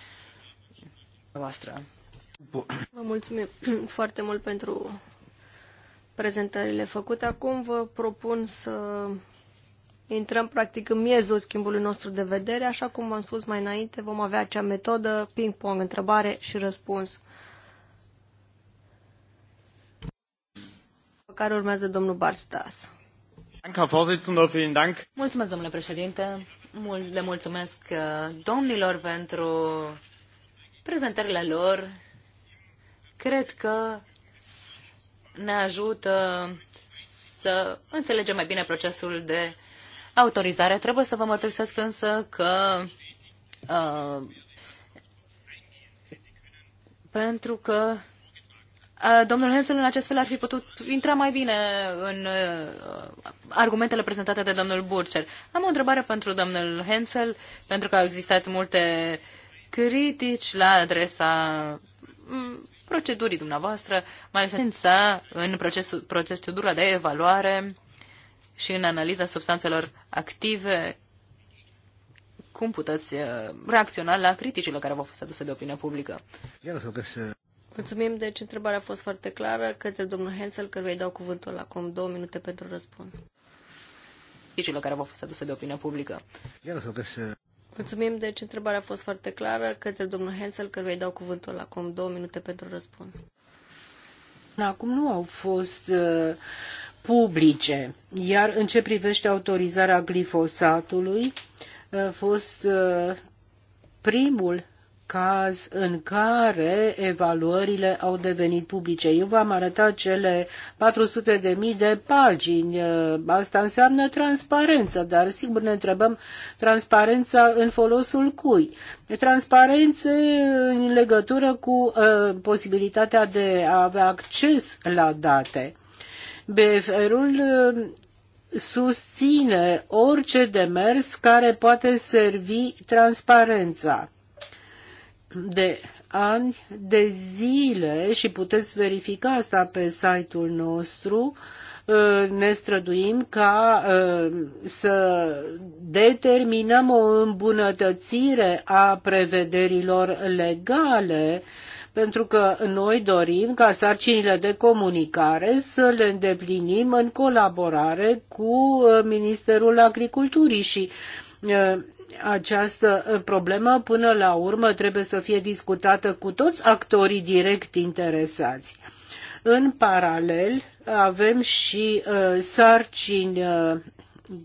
Voastră. Vă mulțumim foarte mult pentru prezentările făcute. Acum vă propun să intrăm practic în miezul schimbului nostru de vedere. Așa cum v-am spus mai înainte, vom avea acea metodă ping-pong, întrebare și răspuns. Pe care urmează domnul Barstas. Mulțumesc, domnule președinte. Mul le mulțumesc uh, domnilor pentru prezentările lor. Cred că ne ajută să înțelegem mai bine procesul de autorizarea. Trebuie să vă mărturisesc însă că uh, pentru că uh, Domnul Hensel în acest fel ar fi putut intra mai bine în uh, argumentele prezentate de domnul Burcher. Am o întrebare pentru domnul Hensel, pentru că au existat multe critici la adresa mm, procedurii dumneavoastră, mai ales în procesul, dură de evaluare și în analiza substanțelor active, cum puteți uh, reacționa la criticile care v-au fost aduse de opinia publică? Mulțumim, deci întrebarea a fost foarte clară către domnul Hensel, că îi dau cuvântul acum două minute pentru răspuns. Criticile care v-au fost aduse de opinia publică. Mulțumim, deci întrebarea a fost foarte clară către domnul Hensel, că îi dau cuvântul acum două minute pentru răspuns. Acum nu au fost uh, publice. Iar în ce privește autorizarea glifosatului, a fost primul caz în care evaluările au devenit publice. Eu v-am arătat cele 400 de mii de pagini. Asta înseamnă transparență, dar sigur ne întrebăm transparența în folosul cui. Transparență în legătură cu uh, posibilitatea de a avea acces la date. BFR-ul uh, susține orice demers care poate servi transparența. De ani de zile și puteți verifica asta pe site-ul nostru, uh, ne străduim ca uh, să determinăm o îmbunătățire a prevederilor legale pentru că noi dorim ca sarcinile de comunicare să le îndeplinim în colaborare cu uh, Ministerul Agriculturii și uh, această uh, problemă până la urmă trebuie să fie discutată cu toți actorii direct interesați. În paralel avem și uh, sarcini uh,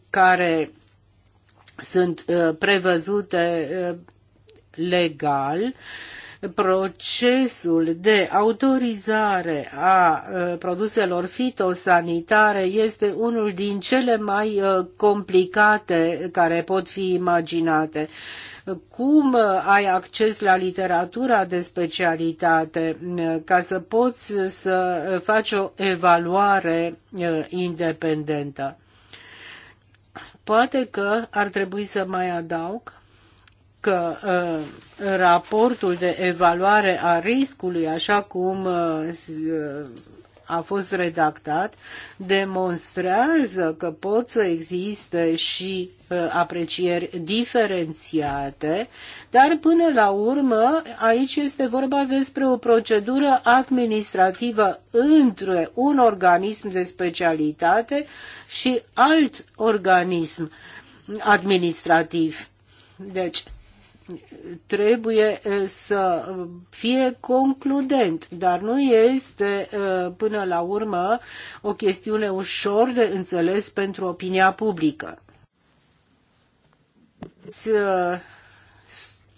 care sunt uh, prevăzute legal procesul de autorizare a produselor fitosanitare este unul din cele mai complicate care pot fi imaginate. Cum ai acces la literatura de specialitate ca să poți să faci o evaluare independentă? Poate că ar trebui să mai adaug că ă, raportul de evaluare a riscului, așa cum ă, ă, a fost redactat, demonstrează că pot să existe și aprecieri diferențiate, dar până la urmă aici este vorba despre o procedură administrativă între un organism de specialitate și alt organism administrativ. Deci, trebuie să fie concludent, dar nu este până la urmă o chestiune ușor de înțeles pentru opinia publică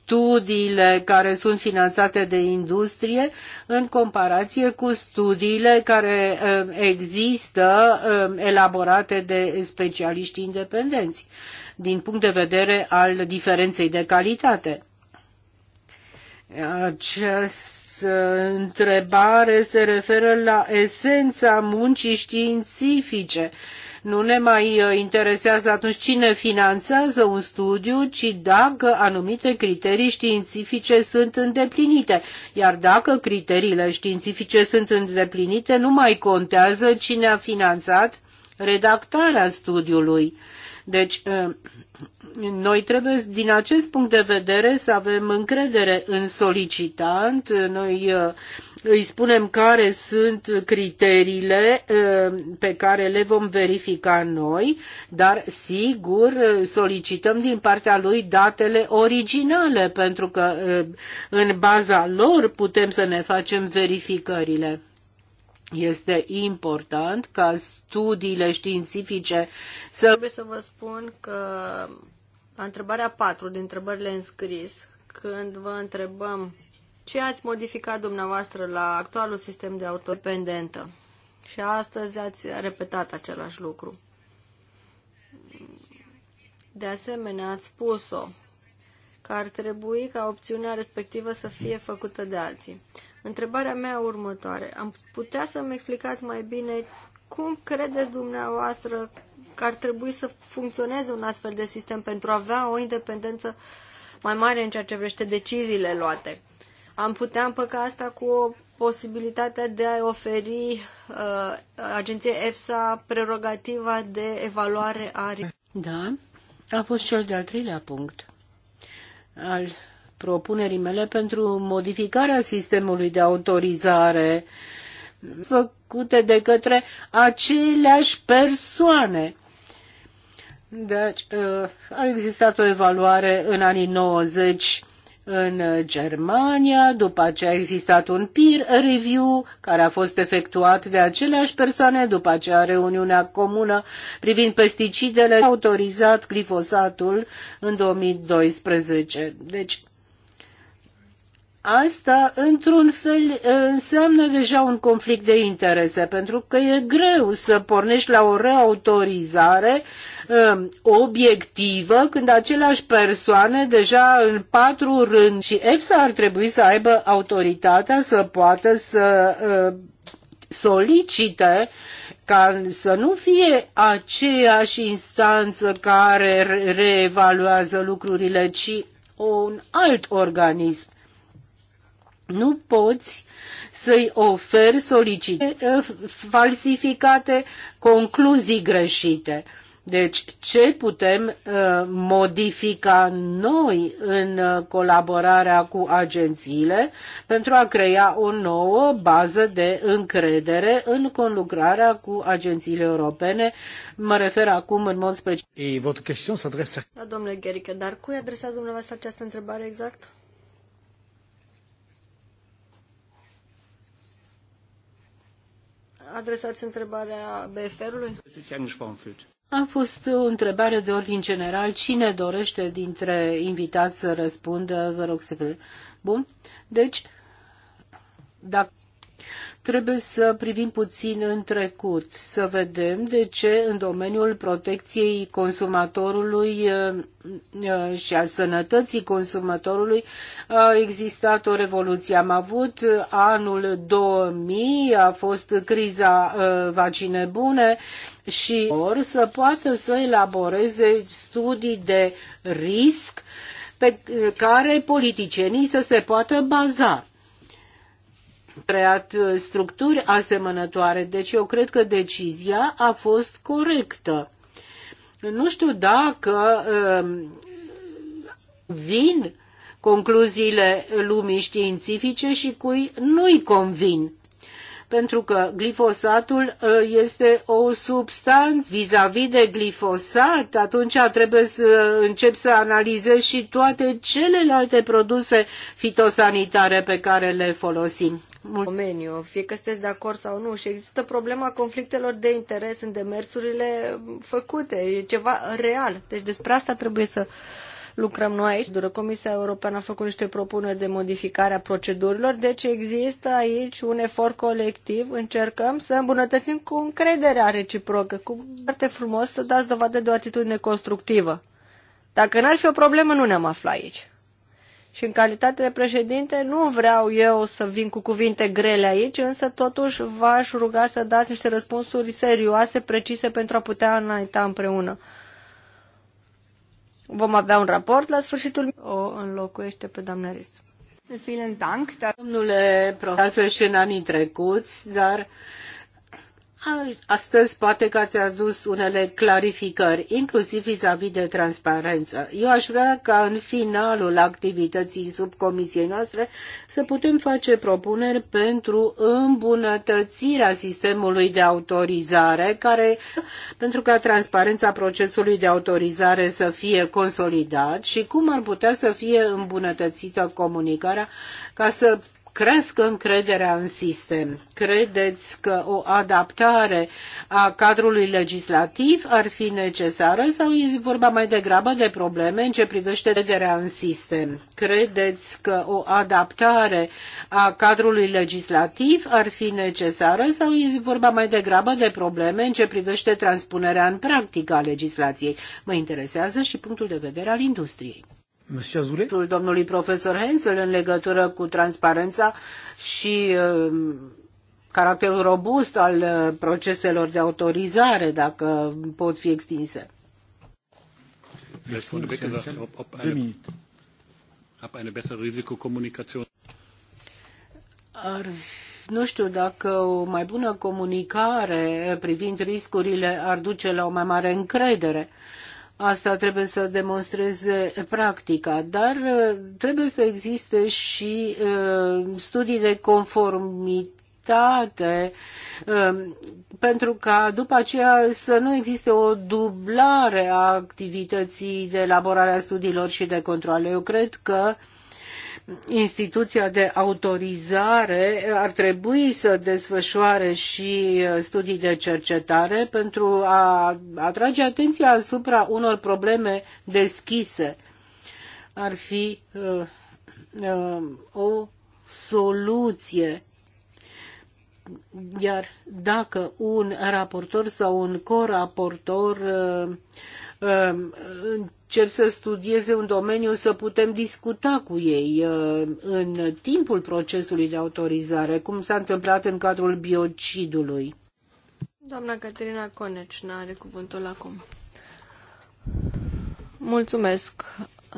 studiile care sunt finanțate de industrie în comparație cu studiile care uh, există uh, elaborate de specialiști independenți din punct de vedere al diferenței de calitate. Această întrebare se referă la esența muncii științifice nu ne mai uh, interesează atunci cine finanțează un studiu, ci dacă anumite criterii științifice sunt îndeplinite. Iar dacă criteriile științifice sunt îndeplinite, nu mai contează cine a finanțat redactarea studiului. Deci, uh, noi trebuie, din acest punct de vedere, să avem încredere în solicitant. Noi uh, îi spunem care sunt criteriile uh, pe care le vom verifica noi, dar sigur solicităm din partea lui datele originale, pentru că uh, în baza lor putem să ne facem verificările. Este important ca studiile științifice să... Trebuie să vă spun că la întrebarea 4 din întrebările înscris, când vă întrebăm ce ați modificat dumneavoastră la actualul sistem de autodependentă. Și astăzi ați repetat același lucru. De asemenea, ați spus-o că ar trebui ca opțiunea respectivă să fie făcută de alții. Întrebarea mea următoare. Am putea să-mi explicați mai bine cum credeți dumneavoastră că ar trebui să funcționeze un astfel de sistem pentru a avea o independență mai mare în ceea ce vrește deciziile luate? Am putea împăca asta cu posibilitatea de a oferi uh, agenției EFSA prerogativa de evaluare a Da, a fost cel de-al treilea punct al propunerii mele pentru modificarea sistemului de autorizare făcute de către aceleași persoane. Deci, uh, a existat o evaluare în anii 90 în Germania, după aceea a existat un peer review care a fost efectuat de aceleași persoane, după aceea reuniunea comună privind pesticidele a autorizat glifosatul în 2012. Deci Asta, într-un fel, eh, înseamnă deja un conflict de interese, pentru că e greu să pornești la o reautorizare um, obiectivă când aceleași persoane deja în patru rând și EFSA ar trebui să aibă autoritatea să poată să uh, solicite ca să nu fie aceeași instanță care reevaluează lucrurile, ci un alt organism nu poți să-i oferi solicitări eh, falsificate, concluzii greșite. Deci, ce putem uh, modifica noi în eh, colaborarea cu agențiile pentru a crea o nouă bază de încredere în conlucrarea cu agențiile europene? Mă refer acum în mod special. Da, domnule Gherică, dar cui adresează dumneavoastră această întrebare exact? adresați întrebarea BFR-ului? Am fost o întrebare de ordin general. Cine dorește dintre invitați să răspundă? Vă rog să... Bun. Deci, dacă trebuie să privim puțin în trecut, să vedem de ce în domeniul protecției consumatorului uh, uh, și al sănătății consumatorului a existat o revoluție. Am avut uh, anul 2000, a fost criza vaccine bune și or să poată să elaboreze studii de risc pe care politicienii să se poată baza creat uh, structuri asemănătoare. Deci eu cred că decizia a fost corectă. Nu știu dacă um, vin concluziile lumii științifice și cui nu-i convin. Pentru că glifosatul uh, este o substanță. Vis-a-vis -vis de glifosat, atunci trebuie să încep să analizez și toate celelalte produse fitosanitare pe care le folosim domeniu, fie că sunteți de acord sau nu, și există problema conflictelor de interes în demersurile făcute, e ceva real. Deci despre asta trebuie să lucrăm noi aici. Dură Comisia Europeană a făcut niște propuneri de modificare a procedurilor, deci există aici un efort colectiv. Încercăm să îmbunătățim cu încrederea reciprocă, cu foarte frumos să dați dovadă de o atitudine constructivă. Dacă n-ar fi o problemă, nu ne-am afla aici. Și în calitate de președinte nu vreau eu să vin cu cuvinte grele aici, însă totuși v-aș ruga să dați niște răspunsuri serioase, precise, pentru a putea înainta împreună. Vom avea un raport la sfârșitul. O înlocuiește pe doamna Riz. Vielen Dank. Da- Domnule profesor, altfel și în anii trecuți, dar Astăzi poate că ați adus unele clarificări, inclusiv vis-a-vis de transparență. Eu aș vrea ca în finalul activității subcomisiei noastre să putem face propuneri pentru îmbunătățirea sistemului de autorizare, care, pentru ca transparența procesului de autorizare să fie consolidat și cum ar putea să fie îmbunătățită comunicarea ca să crească încrederea în sistem. Credeți că o adaptare a cadrului legislativ ar fi necesară sau e vorba mai degrabă de probleme în ce privește încrederea în sistem? Credeți că o adaptare a cadrului legislativ ar fi necesară sau e vorba mai degrabă de probleme în ce privește transpunerea în practică a legislației? Mă interesează și punctul de vedere al industriei. Monsieur domnului profesor Hensel în legătură cu transparența și caracterul robust al proceselor de autorizare, dacă pot fi extinse. Ar, nu știu dacă o mai bună comunicare privind riscurile ar duce la o mai mare încredere. Uh, Asta trebuie să demonstreze practica, dar uh, trebuie să existe și uh, studii de conformitate uh, pentru ca după aceea să nu existe o dublare a activității de elaborare a studiilor și de control. Eu cred că uh, instituția de autorizare ar trebui să desfășoare și uh, studii de cercetare pentru a atrage atenția asupra unor probleme deschise. Ar fi uh, uh, o soluție iar dacă un raportor sau un coraportor uh, Um, încerc să studieze un domeniu să putem discuta cu ei uh, în timpul procesului de autorizare, cum s-a întâmplat în cadrul biocidului. Doamna Caterina nu are cuvântul acum. Mulțumesc,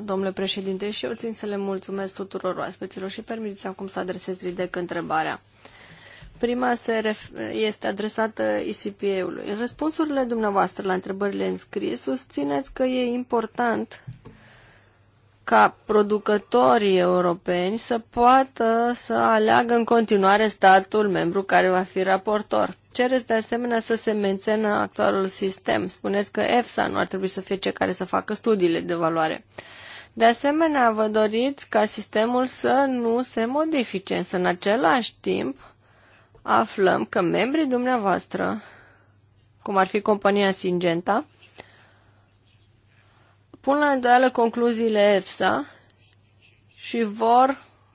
domnule președinte, și eu țin să le mulțumesc tuturor oaspeților și permiteți acum să adresez ridic întrebarea. Prima se ref- este adresată ICPA-ului. În răspunsurile dumneavoastră la întrebările înscris, susțineți că e important ca producătorii europeni să poată să aleagă în continuare statul membru care va fi raportor. Cereți de asemenea să se mențină actualul sistem. Spuneți că EFSA nu ar trebui să fie cei care să facă studiile de valoare. De asemenea, vă doriți ca sistemul să nu se modifice, însă în același timp aflăm că membrii dumneavoastră, cum ar fi compania Singenta, pun la îndoială concluziile EFSA și vor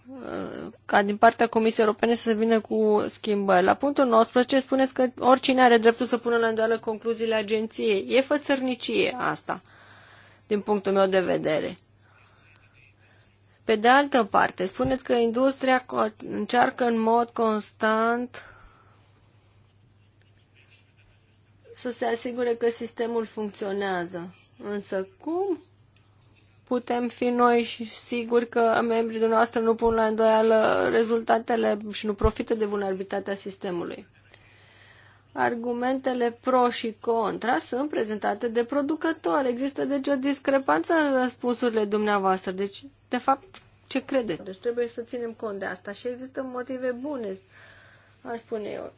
uh, ca din partea Comisiei Europene să vină cu schimbări. La punctul 19 spuneți că oricine are dreptul să pună la îndoială concluziile agenției. E fățărnicie asta, din punctul meu de vedere. Pe de altă parte, spuneți că industria încearcă în mod constant să se asigure că sistemul funcționează. Însă cum putem fi noi și siguri că membrii dumneavoastră nu pun la îndoială rezultatele și nu profită de vulnerabilitatea sistemului? argumentele pro și contra sunt prezentate de producători. Există deci o discrepanță în răspunsurile dumneavoastră. Deci, de fapt, ce credeți? Deci trebuie să ținem cont de asta și există motive bune, ar spune eu.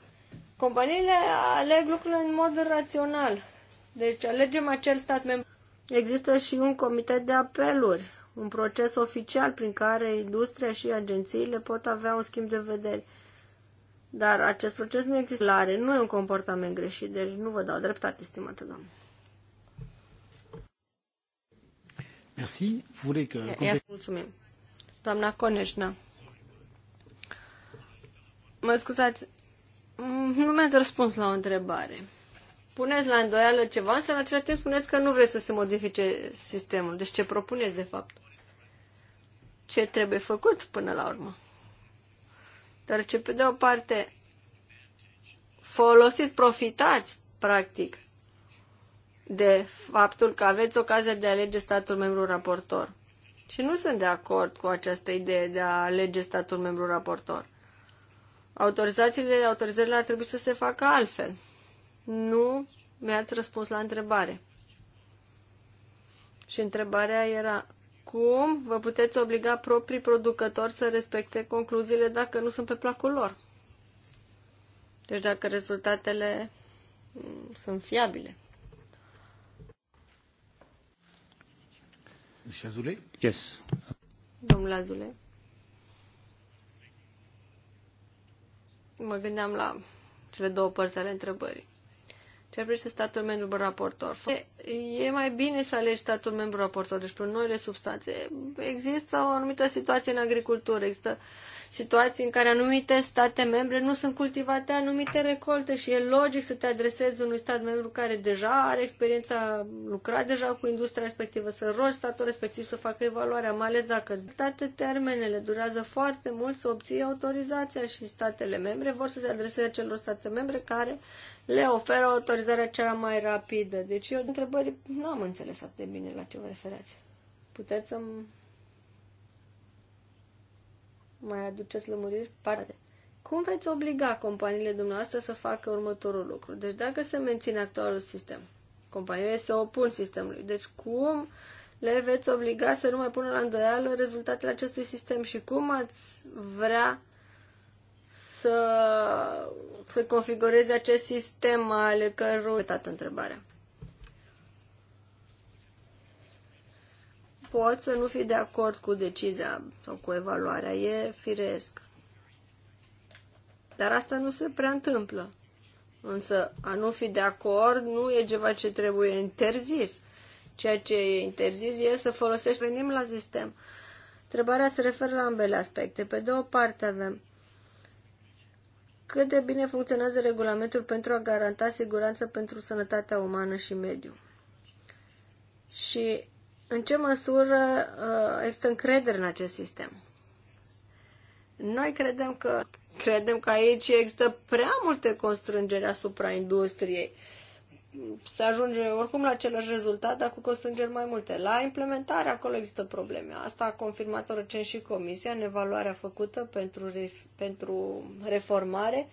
Companiile aleg lucrurile în mod rațional. Deci alegem acel stat membru. Există și un comitet de apeluri, un proces oficial prin care industria și agențiile pot avea un schimb de vedere. Dar acest proces nu există clare, nu e un comportament greșit, deci nu vă dau dreptate, stimată doamnă. Merci. Vous voulez que... Mulțumim. Doamna Coneșna. Mă scuzați, nu mi-ați răspuns la o întrebare. Puneți la îndoială ceva, însă în același timp spuneți că nu vreți să se modifice sistemul. Deci ce propuneți, de fapt? Ce trebuie făcut până la urmă? ce pe de o parte, folosiți, profitați, practic, de faptul că aveți ocazia de a alege statul membru raportor. Și nu sunt de acord cu această idee de a alege statul membru raportor. Autorizațiile, autorizările ar trebui să se facă altfel. Nu mi-ați răspuns la întrebare. Și întrebarea era, cum vă puteți obliga proprii producători să respecte concluziile dacă nu sunt pe placul lor? Deci dacă rezultatele mm, sunt fiabile. Monsieur Yes. Domnul Azule, Mă gândeam la cele două părți ale întrebării ce este statul membru raportor. E mai bine să alegi statul membru raportor. Deci, pentru noile substanțe există o anumită situație în agricultură. Există situații în care anumite state membre nu sunt cultivate anumite recolte și e logic să te adresezi unui stat membru care deja are experiența, lucra deja cu industria respectivă, să rogi statul respectiv să facă evaluarea, mai ales dacă toate termenele durează foarte mult să obții autorizația și statele membre vor să se adreseze celor state membre care le oferă autorizarea cea mai rapidă. Deci eu întrebări nu am înțeles atât de bine la ce vă referați. Puteți să-mi mai aduceți lămuriri? Pare. Cum veți obliga companiile dumneavoastră să facă următorul lucru? Deci dacă se menține actualul sistem, companiile se opun sistemului, deci cum le veți obliga să nu mai pună la îndoială rezultatele acestui sistem și cum ați vrea să, să configureze acest sistem ale căruia... Tată întrebarea. poți să nu fii de acord cu decizia sau cu evaluarea, e firesc. Dar asta nu se prea întâmplă. Însă a nu fi de acord nu e ceva ce trebuie interzis. Ceea ce e interzis e să folosești. Venim la sistem. Întrebarea se referă la ambele aspecte. Pe de o parte avem cât de bine funcționează regulamentul pentru a garanta siguranță pentru sănătatea umană și mediu. Și în ce măsură uh, există încredere în acest sistem. Noi credem că, credem că aici există prea multe constrângeri asupra industriei. Se ajunge oricum la același rezultat, dar cu constrângeri mai multe. La implementare, acolo există probleme. Asta a confirmat recent și Comisia în evaluarea făcută pentru, pentru reformare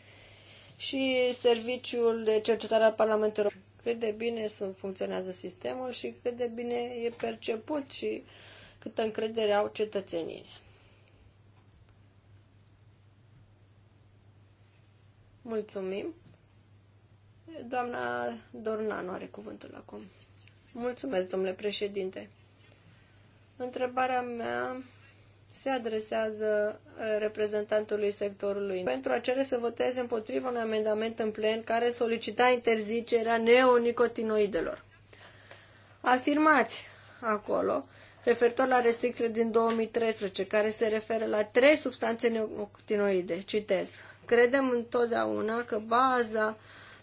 și Serviciul de Cercetare al Parlamentului cât de bine sunt, funcționează sistemul și cât de bine e perceput și câtă încredere au cetățenii. Mulțumim. Doamna nu are cuvântul acum. Mulțumesc, domnule președinte. Întrebarea mea se adresează uh, reprezentantului sectorului pentru a cere să voteze împotriva unui amendament în plen care solicita interzicerea neonicotinoidelor. Afirmați acolo, referitor la restricțiile din 2013, care se referă la trei substanțe neonicotinoide. Citez. Credem întotdeauna că baza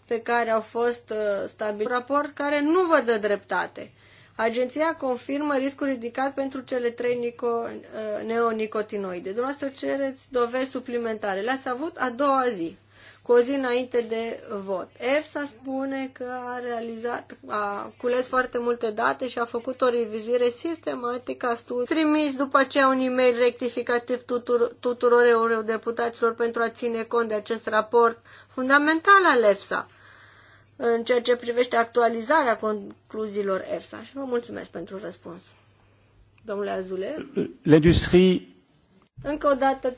pe care au fost uh, stabilit un raport care nu vă dă dreptate Agenția confirmă riscul ridicat pentru cele trei nico- eh, neonicotinoide. Dumneavoastră cereți dovezi suplimentare. Le-ați avut a doua zi, cu o zi înainte de vot. EFSA spune că a realizat, a cules foarte multe date și a făcut o revizuire sistematică a studiului. Trimis după aceea un e-mail rectificativ tuturor, tuturor eurodeputaților pentru a ține cont de acest raport fundamental al EFSA în ceea ce privește actualizarea concluziilor EFSA. Și vă mulțumesc pentru răspuns. Domnule Azule. L'industrie. Încă o dată.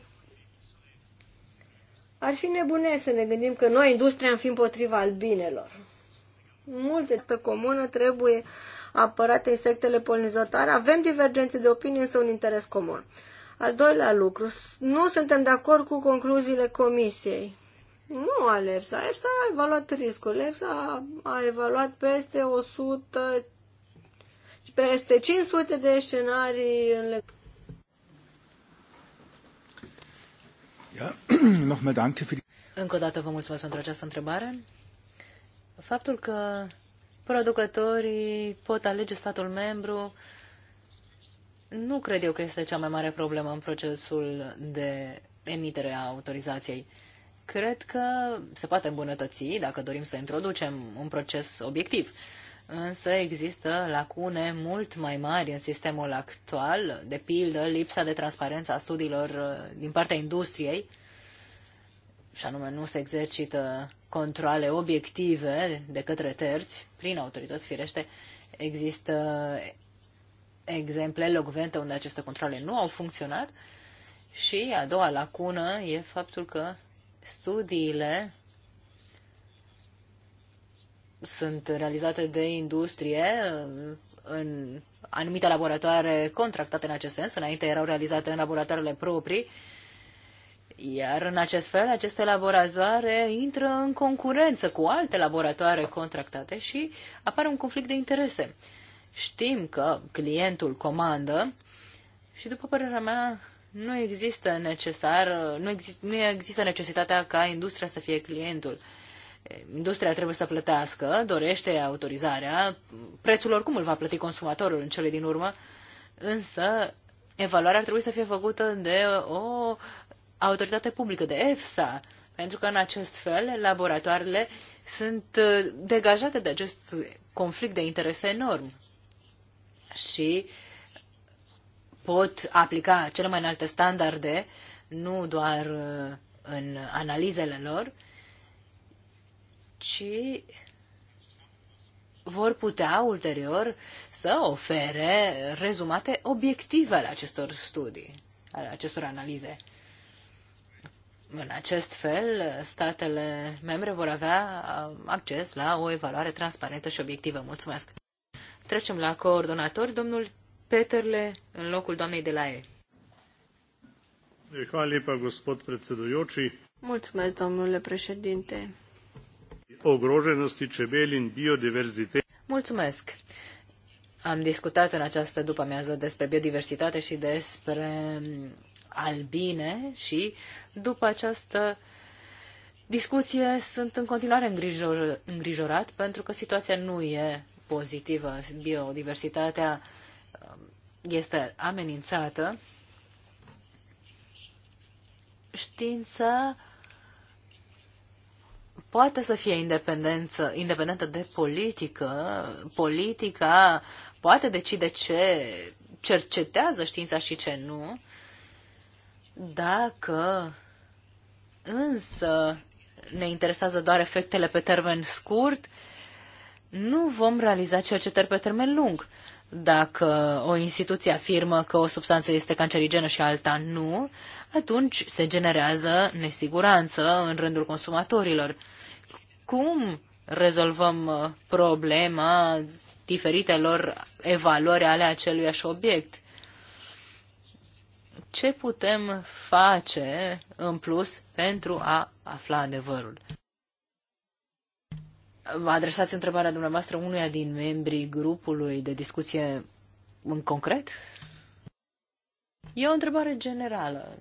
Ar fi nebune să ne gândim că noi, industria, am fi împotriva albinelor. Multe comună trebuie apărate insectele polnizotare. Avem divergențe de opinie, însă un interes comun. Al doilea lucru, nu suntem de acord cu concluziile comisiei. Nu al EFSA. EFSA a evaluat riscul. EFSA a evaluat peste 100 peste 500 de scenarii în le... Încă o dată vă mulțumesc pentru această întrebare. Faptul că producătorii pot alege statul membru nu cred eu că este cea mai mare problemă în procesul de emitere a autorizației cred că se poate îmbunătăți dacă dorim să introducem un proces obiectiv. Însă există lacune mult mai mari în sistemul actual, de pildă lipsa de transparență a studiilor uh, din partea industriei, și anume nu se exercită controle obiective de către terți, prin autorități firește, există exemple locvente unde aceste controle nu au funcționat și a doua lacună e faptul că studiile sunt realizate de industrie în anumite laboratoare contractate în acest sens, înainte erau realizate în laboratoarele proprii, iar în acest fel aceste laboratoare intră în concurență cu alte laboratoare contractate și apare un conflict de interese. Știm că clientul comandă și, după părerea mea, nu există necesar, nu, exist, nu există necesitatea ca industria să fie clientul. Industria trebuie să plătească, dorește autorizarea, prețul oricum îl va plăti consumatorul în cele din urmă, însă evaluarea ar trebui să fie făcută de o autoritate publică, de EFSA, pentru că în acest fel laboratoarele sunt uh, degajate de acest conflict de interese enorm. Și uh, pot aplica cele mai înalte standarde, nu doar uh, în analizele lor, ci vor putea ulterior să ofere rezumate obiective ale acestor studii, ale acestor analize. În acest fel, statele membre vor avea uh, acces la o evaluare transparentă și obiectivă. Mulțumesc! Trecem la coordonatori. Domnul Peterle în locul doamnei de la E. Mulțumesc, domnule președinte. Ogrojenosti cebelin biodiversitate. Mulțumesc. Am discutat în această după-amiază despre biodiversitate și despre mm, albine și după această discuție sunt în continuare îngrijor, îngrijorat pentru că situația nu e pozitivă. Biodiversitatea uh, este amenințată, știința poate să fie independență, independentă de politică. Politica poate decide ce cercetează știința și ce nu, dacă însă ne interesează doar efectele pe termen scurt, nu vom realiza cercetări pe termen lung. Dacă o instituție afirmă că o substanță este cancerigenă și alta nu, atunci se generează nesiguranță în rândul consumatorilor. Cum rezolvăm uh, problema diferitelor evaluări ale aceluiași obiect? Ce putem face în plus pentru a afla adevărul? vă adresați întrebarea dumneavoastră unuia din membrii grupului de discuție în concret? E o întrebare generală.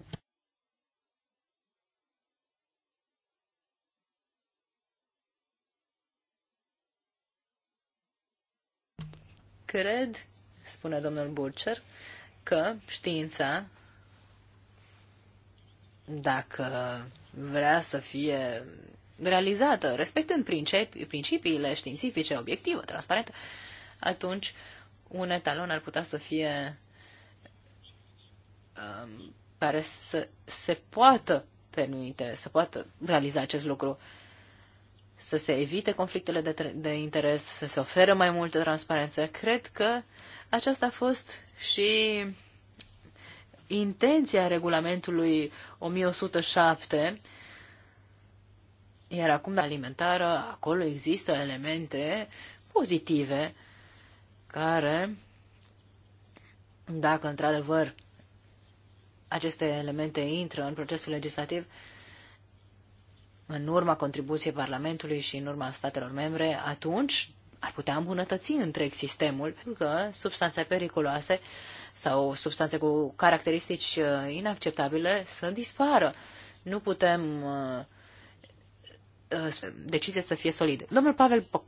Cred, spune domnul Burcher, că știința, dacă vrea să fie realizată, respectând principi, principiile științifice, obiectivă, transparentă, atunci un etalon ar putea să fie um, care să se poată permite, să poată realiza acest lucru, să se evite conflictele de, de interes, să se oferă mai multă transparență. Cred că aceasta a fost și intenția regulamentului 1107 iar acum, alimentară, acolo există elemente pozitive care, dacă într-adevăr aceste elemente intră în procesul legislativ, în urma contribuției Parlamentului și în urma statelor membre, atunci ar putea îmbunătăți întreg sistemul, pentru că substanțe periculoase sau substanțe cu caracteristici uh, inacceptabile să dispară. Nu putem uh, Uh, decizie să fie solide. Domnul Pavel Poc.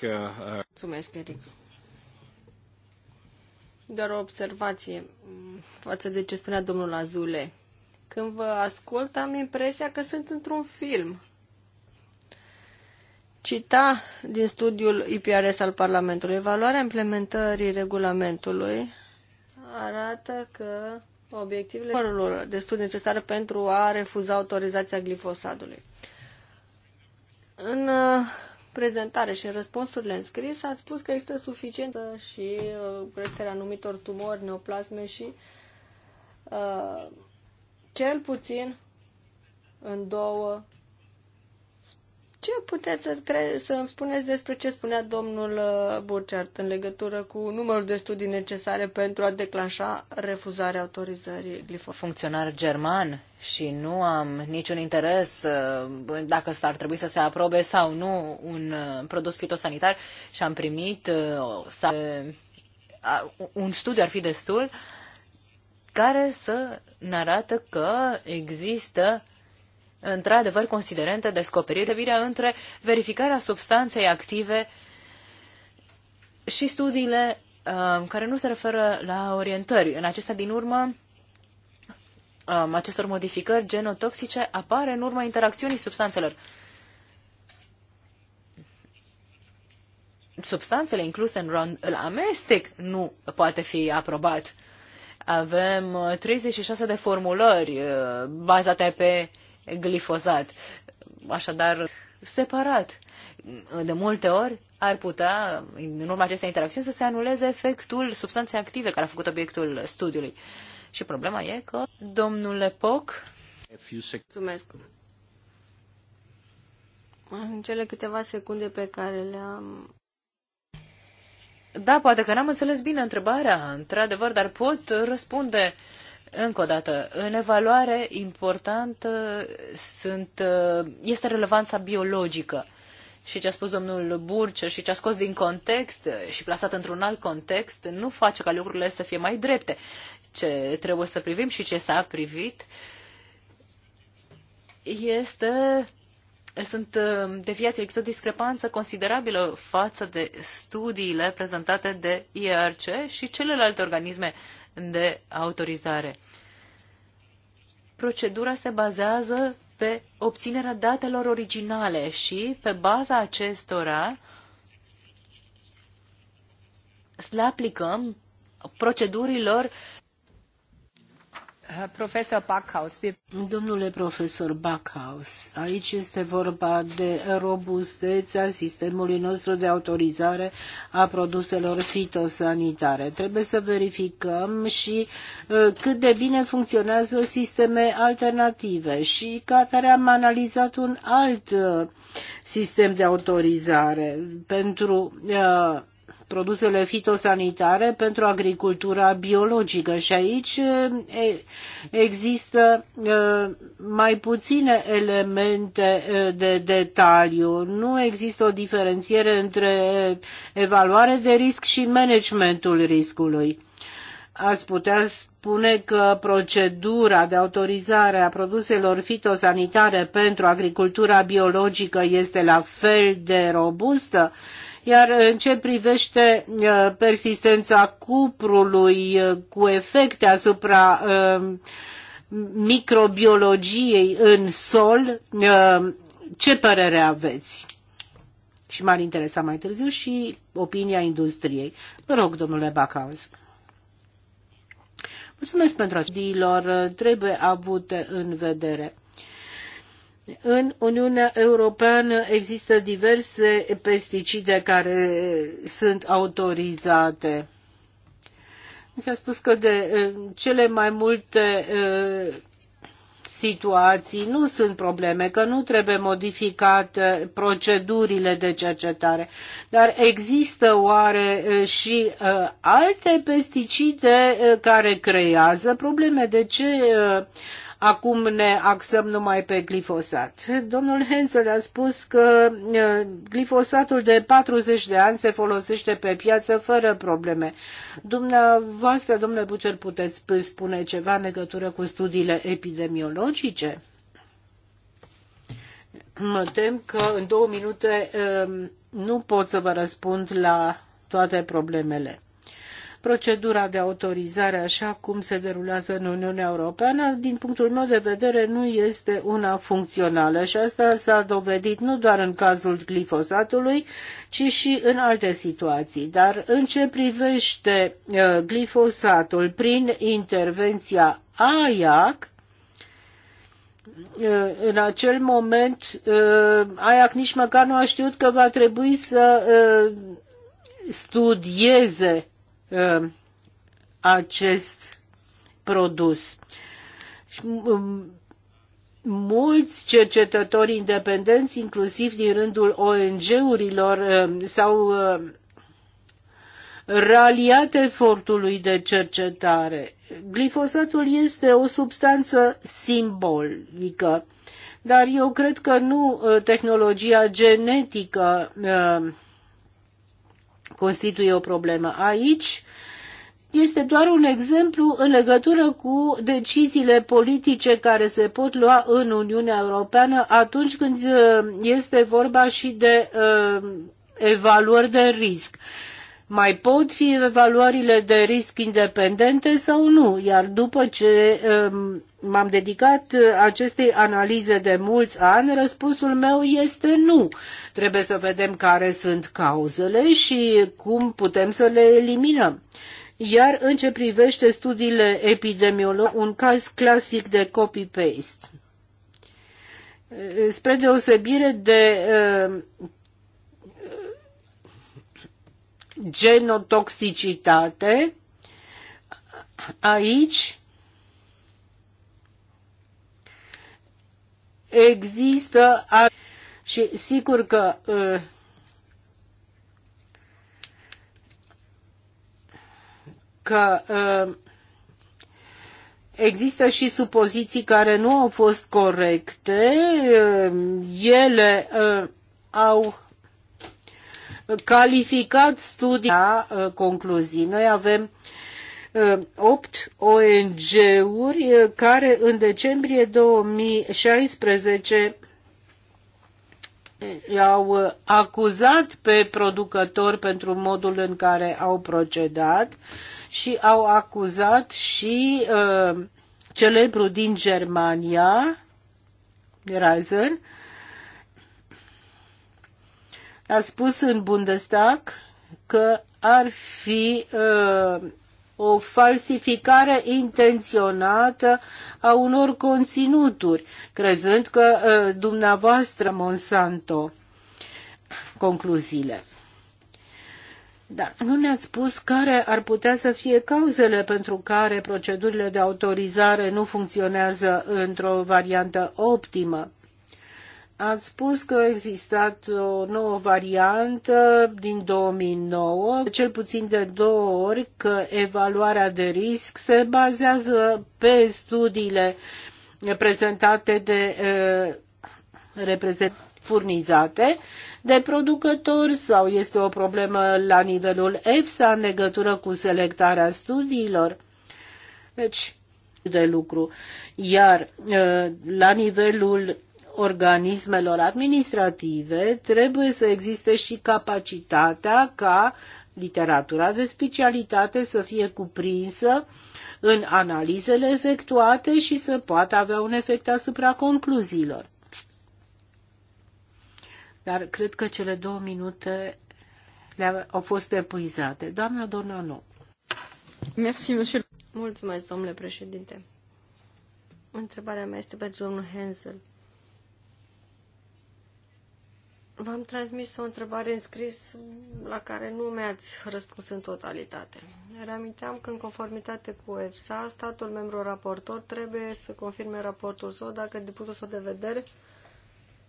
Că, uh... Mulțumesc, Eric. Doar o observație mm, față de ce spunea domnul Azule. Când vă ascult, am impresia că sunt într-un film. Cita din studiul IPRS al Parlamentului, evaluarea implementării regulamentului arată că obiectivele lor de studiu necesare pentru a refuza autorizația glifosatului. În uh, prezentare și în răspunsurile scris ați spus că există suficientă și uh, creșterea anumitor tumori, neoplasme și uh, cel puțin în două ce puteți să, cre- să îmi spuneți despre ce spunea domnul uh, Burchard în legătură cu numărul de studii necesare pentru a declanșa refuzarea autorizării glifosat? Funcționar german și nu am niciun interes uh, dacă s-ar trebui să se aprobe sau nu un uh, produs fitosanitar și am primit un studiu ar fi destul care să ne arată că există într-adevăr considerente virea între verificarea substanței active și studiile uh, care nu se referă la orientări. În acestea din urmă, um, acestor modificări genotoxice apare în urma interacțiunii substanțelor. Substanțele incluse în, round, în amestec nu poate fi aprobat. Avem 36 uh, de formulări uh, bazate pe uh, glifozat. Așadar, separat. De multe ori ar putea, în urma acestei interacțiuni, să se anuleze efectul substanței active care a făcut obiectul studiului. Și problema e că domnule Poc... Mulțumesc. În cele câteva secunde pe care le-am da, poate că n-am înțeles bine întrebarea, într-adevăr, dar pot răspunde încă o dată, în evaluare important sunt, uh, este relevanța biologică și ce a spus domnul Burce și ce a scos din context uh, și plasat într-un alt context nu face ca lucrurile să fie mai drepte. Ce trebuie să privim și ce s-a privit este sunt uh, deviații, există o discrepanță considerabilă față de studiile prezentate de IRC și celelalte organisme de autorizare. Procedura se bazează pe obținerea datelor originale și, pe baza acestora, le aplicăm procedurilor Domnule profesor Backhaus, aici este vorba de robustețea sistemului nostru de autorizare a produselor fitosanitare. Trebuie să verificăm și uh, cât de bine funcționează sisteme alternative și ca atare am analizat un alt uh, sistem de autorizare pentru uh, produsele fitosanitare pentru agricultura biologică și aici există mai puține elemente de detaliu. Nu există o diferențiere între evaluare de risc și managementul riscului ați putea spune că procedura de autorizare a produselor fitosanitare pentru agricultura biologică este la fel de robustă? Iar în ce privește uh, persistența cuprului uh, cu efecte asupra uh, microbiologiei în sol, ce părere aveți? Și m-ar interesa mai târziu și opinia industriei. Vă rog, domnule Bacaus. Mulțumesc pentru acestilor trebuie avute în vedere. În Uniunea Europeană există diverse pesticide care sunt autorizate. Mi s-a spus că de cele mai multe situații nu sunt probleme, că nu trebuie modificate procedurile de cercetare. Dar există oare și alte pesticide care creează probleme? De ce acum ne axăm numai pe glifosat. Domnul Hensel a spus că glifosatul de 40 de ani se folosește pe piață fără probleme. Dumneavoastră, domnule Bucer, puteți spune ceva în legătură cu studiile epidemiologice? Mă tem că în două minute nu pot să vă răspund la toate problemele procedura de autorizare așa cum se derulează în Uniunea Europeană, din punctul meu de vedere, nu este una funcțională și asta s-a dovedit nu doar în cazul glifosatului, ci și în alte situații. Dar în ce privește uh, glifosatul prin intervenția AIAC, uh, în acel moment uh, AIAC nici măcar nu a știut că va trebui să studieze Um, acest produs. Um, mulți cercetători independenți, inclusiv din rândul ONG-urilor, um, s-au raliat efortului de cercetare. Glifosatul este o substanță simbolică, dar eu cred că nu uh, tehnologia genetică constituie o problemă. Aici este doar un exemplu în legătură cu deciziile politice care se pot lua în Uniunea Europeană atunci când uh, este vorba și de uh, evaluări de risc mai pot fi evaluările de risc independente sau nu. Iar după ce um, m-am dedicat uh, acestei analize de mulți ani, răspunsul meu este nu. Trebuie să vedem care sunt cauzele și cum putem să le eliminăm. Iar în ce privește studiile epidemiologice, un caz clasic de copy-paste. Uh, spre deosebire de uh, genotoxicitate. Aici există și sigur că uh, că uh, Există și supoziții care nu au fost corecte. Uh, ele au calificat studia concluzii. Noi avem opt ONG-uri care în decembrie 2016 i-au acuzat pe producători pentru modul în care au procedat și au acuzat și uh, celebru din Germania, Reiser, a spus în Bundestag că ar fi uh, o falsificare intenționată a unor conținuturi, crezând că uh, dumneavoastră Monsanto concluziile. Dar nu ne-ați spus care ar putea să fie cauzele pentru care procedurile de autorizare nu funcționează într-o variantă optimă. Ați spus că a existat o nouă variantă din 2009, cel puțin de două ori, că evaluarea de risc se bazează pe studiile prezentate de eh, reprezent furnizate de producători sau este o problemă la nivelul EFSA în legătură cu selectarea studiilor. Deci, de lucru. Iar eh, la nivelul organismelor administrative trebuie să existe și capacitatea ca literatura de specialitate să fie cuprinsă în analizele efectuate și să poată avea un efect asupra concluziilor. Dar cred că cele două minute le au fost epuizate. Doamna Donano. Merci, monsieur. Mulțumesc, domnule președinte. Întrebarea mea este pentru domnul Hensel. V-am transmis o întrebare în scris la care nu mi-ați răspuns în totalitate. Reaminteam că în conformitate cu EFSA, statul membru raportor trebuie să confirme raportul său dacă, din punctul său de vedere,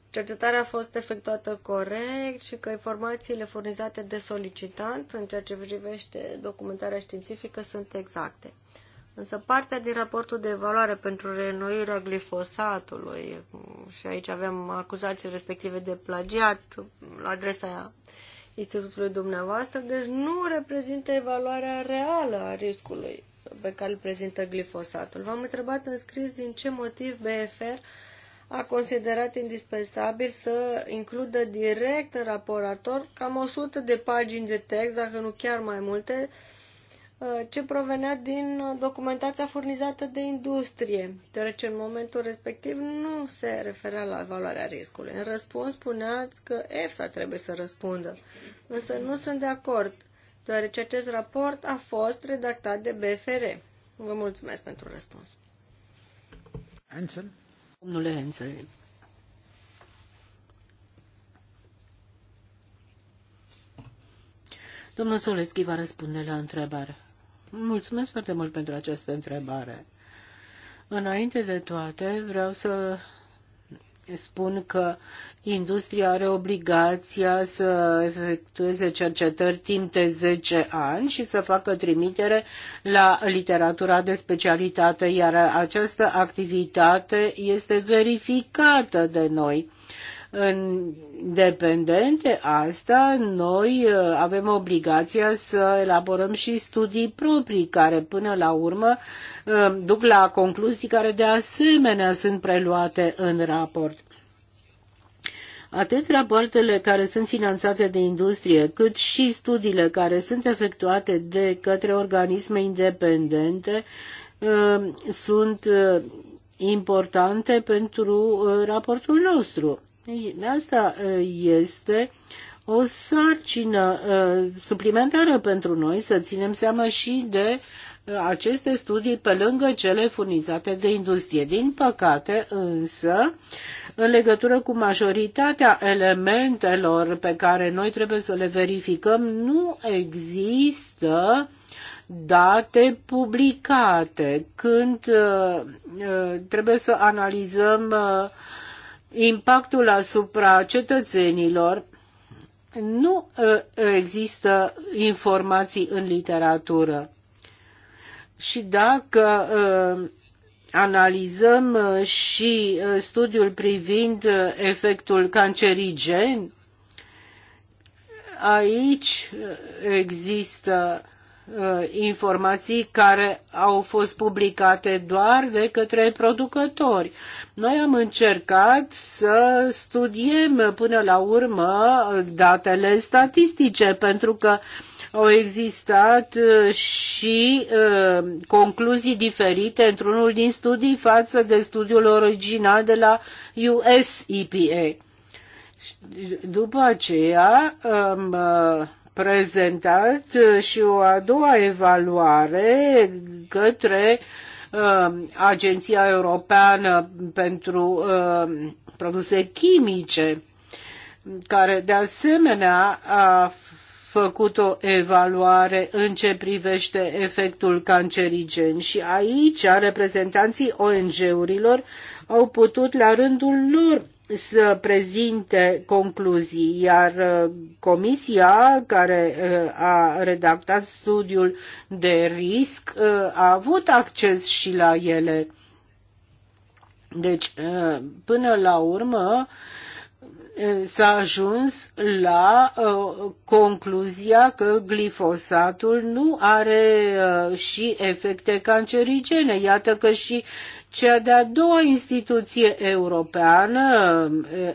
cercetarea a fost efectuată corect și că informațiile furnizate de solicitant în ceea ce privește documentarea științifică sunt exacte. Însă partea din raportul de evaluare pentru reînnoirea glifosatului, și aici avem acuzații respective de plagiat la adresa institutului dumneavoastră, deci nu reprezintă evaluarea reală a riscului pe care îl prezintă glifosatul. V-am întrebat în scris din ce motiv BFR a considerat indispensabil să includă direct în raportator cam 100 de pagini de text, dacă nu chiar mai multe, uh, Uh, ce provenea din documentația furnizată de industrie, deoarece în momentul respectiv nu se referea la evaluarea riscului. În răspuns spuneați că EFSA trebuie să răspundă, însă nu sunt de acord, deoarece acest raport a fost redactat de BFR. Vă mulțumesc pentru răspuns. Ansel? Domnule Ansel, Domnul Solețchi va răspunde la întrebare. Mulțumesc foarte mult pentru această întrebare. Înainte de toate, vreau să spun că industria are obligația să efectueze cercetări timp de 10 ani și să facă trimitere la literatura de specialitate, iar această activitate este verificată de noi independente, asta noi uh, avem obligația să elaborăm și studii proprii care până la urmă uh, duc la concluzii care de asemenea sunt preluate în raport. Atât rapoartele care sunt finanțate de industrie, cât și studiile care sunt efectuate de către organisme independente uh, sunt importante pentru raportul nostru. Asta este o sarcină suplimentară pentru noi să ținem seama și de aceste studii pe lângă cele furnizate de industrie. Din păcate, însă, în legătură cu majoritatea elementelor pe care noi trebuie să le verificăm, nu există date publicate când trebuie să analizăm uh, impactul asupra cetățenilor, nu ă, există informații în literatură. Și dacă ă, analizăm ă, și studiul privind efectul cancerigen, aici există Uh, informații care au fost publicate doar de către producători. Noi am încercat să studiem până la urmă datele statistice, pentru că au existat uh, și uh, concluzii diferite într-unul din studii față de studiul original de la US EPA. După aceea, um, prezentat uh, și o a doua evaluare către uh, Agenția Europeană pentru uh, Produse Chimice, care de asemenea a făcut o evaluare în ce privește efectul cancerigen și aici reprezentanții ONG-urilor au putut la rândul lor să prezinte concluzii, iar uh, comisia care uh, a redactat studiul de risc uh, a avut acces și la ele. Deci, până la urmă, s-a ajuns la concluzia că glifosatul nu are și efecte cancerigene. Iată că și cea de-a doua instituție europeană,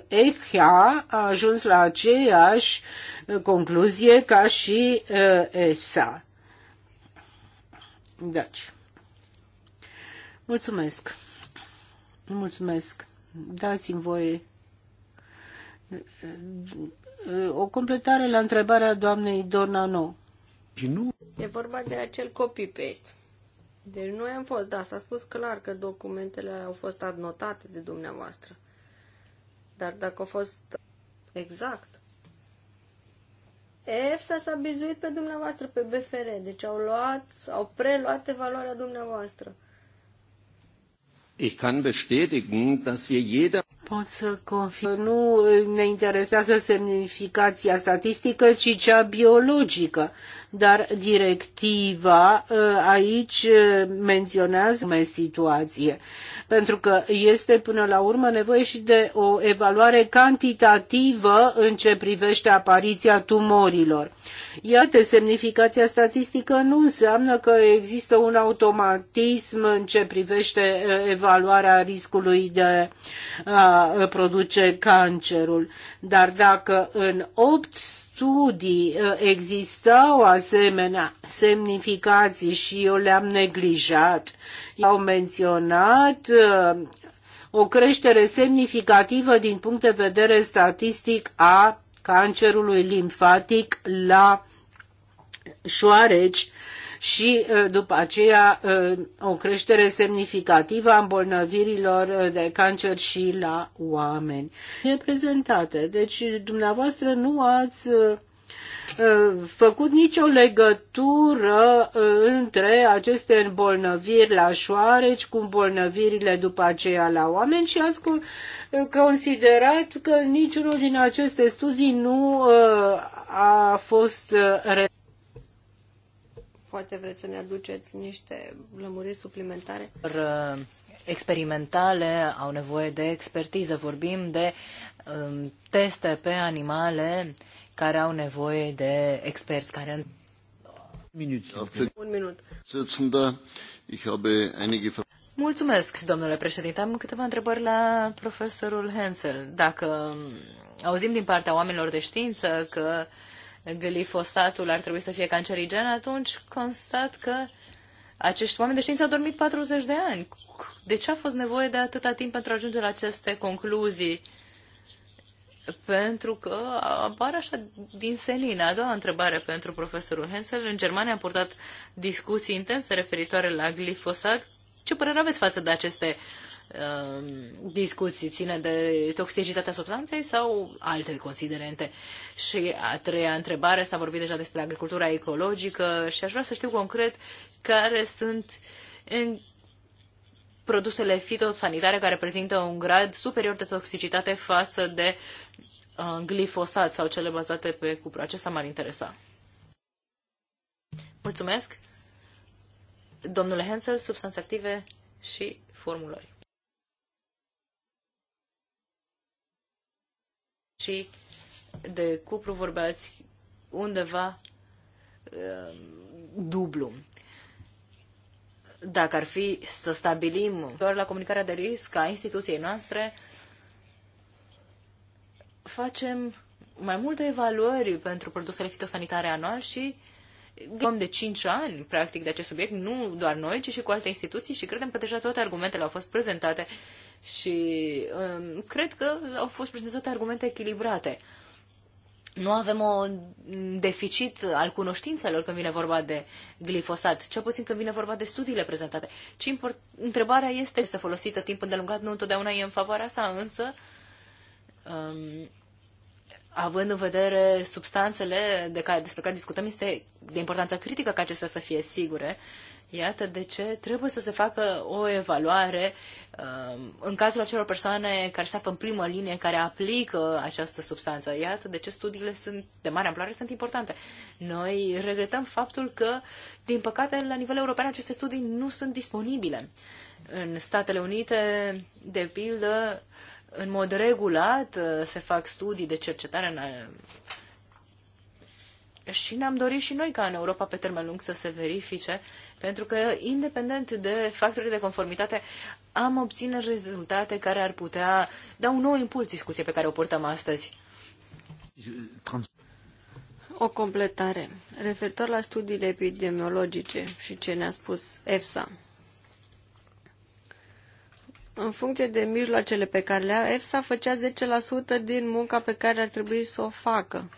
ECHA, a ajuns la aceeași concluzie ca și uh, EFSA. Deci. Mulțumesc. Mulțumesc. Dați-mi voie uh, o completare la întrebarea doamnei Dornano. E vorba de acel copy-paste. Deci noi am fost, da, s-a spus clar că documentele au fost adnotate de dumneavoastră. Dar dacă au fost exact, EFSA s-a bizuit pe dumneavoastră, pe BFR, deci au luat, au preluat evaluarea dumneavoastră. Ich kann bestätigen, dass wir jeder Pot să confirm. Nu ne interesează semnificația statistică, ci cea biologică. Dar directiva ă, aici ă, menționează situație, pentru că este până la urmă nevoie și de o evaluare cantitativă în ce privește apariția tumorilor. Iată, semnificația statistică nu înseamnă că există un automatism în ce privește evaluarea riscului de a produce cancerul. Dar dacă în 8 studii existau asemenea semnificații și eu le-am neglijat, au menționat o creștere semnificativă din punct de vedere statistic a cancerului limfatic la șoareci și uh, după aceea uh, o creștere semnificativă a îmbolnăvirilor uh, de cancer și la oameni. E prezentate. Deci dumneavoastră nu ați Uh, făcut nicio legătură uh, între aceste îmbolnăviri la șoareci cu îmbolnăvirile după aceea la oameni și ați uh, considerat că niciunul din aceste studii nu a fost Poate vreți să ne aduceți niște lămuriri suplimentare? Experimentale au nevoie de expertiză. Vorbim de um, teste pe animale care au nevoie de experți care un minut. Mulțumesc, domnule președinte. Am câteva întrebări la profesorul Hensel. Dacă auzim din partea oamenilor de știință că glifosatul ar trebui să fie cancerigen, atunci constat că acești oameni de știință au dormit 40 de ani. De ce a fost nevoie de atâta timp pentru a ajunge la aceste concluzii? pentru că apare așa din seline. A doua întrebare pentru profesorul Hensel. În Germania a purtat discuții intense referitoare la glifosat. Ce părere aveți față de aceste um, discuții? Ține de toxicitatea substanței sau alte considerente? Și a treia întrebare, s-a vorbit deja despre agricultura ecologică și aș vrea să știu concret care sunt în produsele fitosanitare care prezintă un grad superior de toxicitate față de uh, glifosat sau cele bazate pe cupru. Acesta m-ar interesa. Mulțumesc. Domnule Hensel, substanțe active și formulări. Și de cupru vorbeați undeva uh, dublu dacă ar fi să stabilim doar la comunicarea de risc a instituției noastre, facem mai multe evaluări pentru produsele fitosanitare anual și gândim de 5 ani, practic, de acest subiect, nu doar noi, ci și cu alte instituții și credem că deja toate argumentele au fost prezentate și um, cred că au fost prezentate argumente echilibrate nu avem un deficit al cunoștințelor când vine vorba de glifosat, cel puțin când vine vorba de studiile prezentate. Ce import, întrebarea este, este folosită timp îndelungat, nu întotdeauna e în favoarea sa, însă um, având în vedere substanțele de care, despre care discutăm, este de importanță critică ca acestea să fie sigure. Uh, Iată de ce trebuie să se facă o evaluare um, în cazul acelor persoane care se află în primă linie, care aplică această substanță. Iată de ce studiile sunt de mare amploare sunt importante. Noi regretăm faptul că, din păcate, la nivel european aceste studii nu sunt disponibile. În Statele Unite, de pildă, în mod regulat uh, se fac studii de cercetare în uh, și ne-am dorit și noi ca în Europa pe termen lung să se verifice uh, pentru că, independent de factorii de conformitate, am obține rezultate care ar putea da un nou impuls discuției pe care o purtăm astăzi. O completare. Referitor la studiile epidemiologice și ce ne-a spus EFSA. În funcție de mijloacele pe care le-a, EFSA făcea 10% din munca pe care ar trebui să o facă.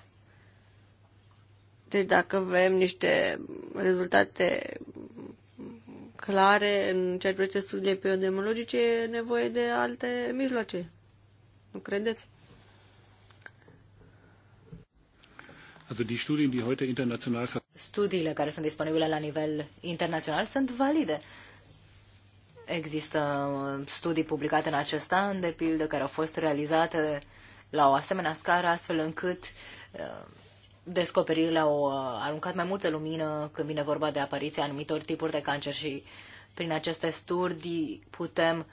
Deci dacă avem niște rezultate clare în ceea ce privește studiile epidemiologice, e nevoie de alte mijloace. Nu credeți? Studiile care sunt disponibile la nivel internațional sunt valide. Există uh, studii publicate în acest an, de pildă, care au fost realizate la o asemenea scară, astfel încât uh, descoperirile au uh, aruncat mai multă lumină când vine vorba de apariția anumitor tipuri de cancer și prin aceste studii putem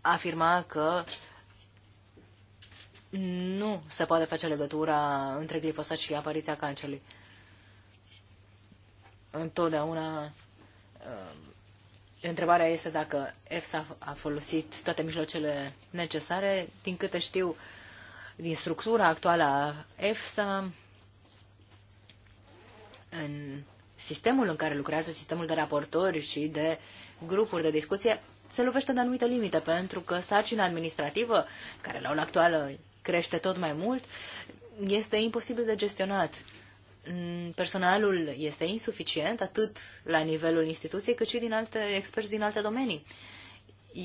afirma că nu se poate face legătura între glifosat și apariția cancerului. Întotdeauna uh, întrebarea este dacă EFSA a folosit toate mijloacele necesare. Din câte știu, din structura actuală a EFSA, în sistemul în care lucrează, sistemul de raportori și de grupuri de discuție, se lovește de anumite limite, pentru că sarcina administrativă, care la ora actuală crește tot mai mult, este imposibil de gestionat. Personalul este insuficient, atât la nivelul instituției, cât și din alte experți din alte domenii.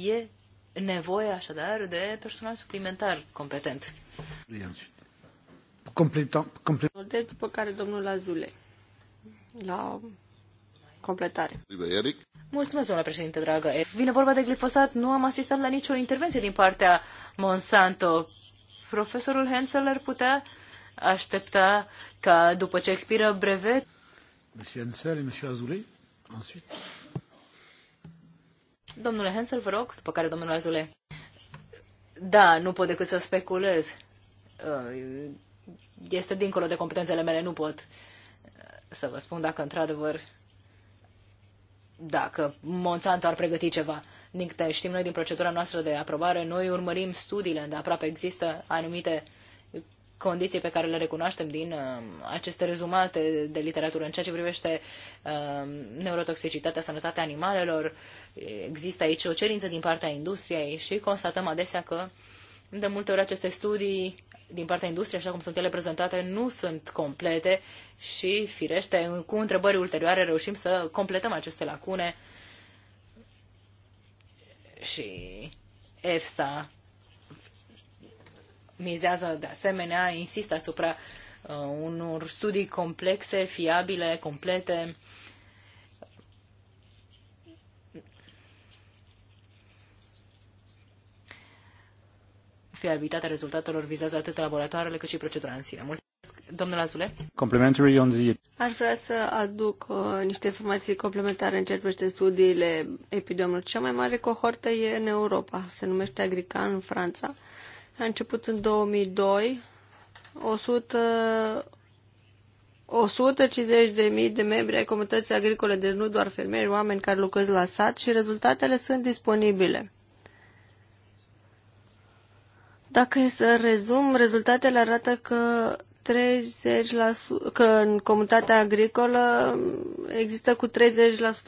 E nevoie așadar de personal suplimentar competent. Completăm. Deci, după care domnul Azule. La completare. Eric. Mulțumesc, domnule președinte, dragă. Vine vorba de glifosat. Nu am asistat la nicio intervenție din partea Monsanto. Profesorul Hensel ar putea aștepta ca după ce expiră brevet. Monsieur Hensel Monsieur Azulei, ensuite. Domnule Hensel, vă rog, după care domnul Azule. Da, nu pot decât să speculez. Uh, este dincolo de competențele mele, nu pot uh, să vă spun dacă într-adevăr dacă Monsanto ar pregăti ceva. Din câte știm noi din procedura noastră de aprobare, noi urmărim studiile de aproape există anumite uh, condiții pe care le recunoaștem din uh, aceste rezumate de literatură. În ceea ce privește uh, neurotoxicitatea, sănătatea animalelor, există aici o cerință din partea industriei și constatăm adesea că de multe ori aceste studii din partea industriei, așa cum sunt ele prezentate, nu sunt complete și, firește, cu întrebări ulterioare reușim să completăm aceste lacune și EFSA mizează de asemenea, insistă asupra uh, unor studii complexe, fiabile, complete. Fiabilitatea rezultatelor vizează atât laboratoarele cât și procedura în sine. Mulțumesc, domnule Azule. Complementary on the... Aș vrea să aduc uh, niște informații complementare în ceea ce studiile epidemiologice. Cea mai mare cohortă e în Europa, se numește Agrican în Franța a început în 2002, 100, 150.000 de membri ai comunității agricole, deci nu doar fermieri, oameni care lucrează la sat și rezultatele sunt disponibile. Dacă e să rezum, rezultatele arată că 30%, că în comunitatea agricolă există cu 30%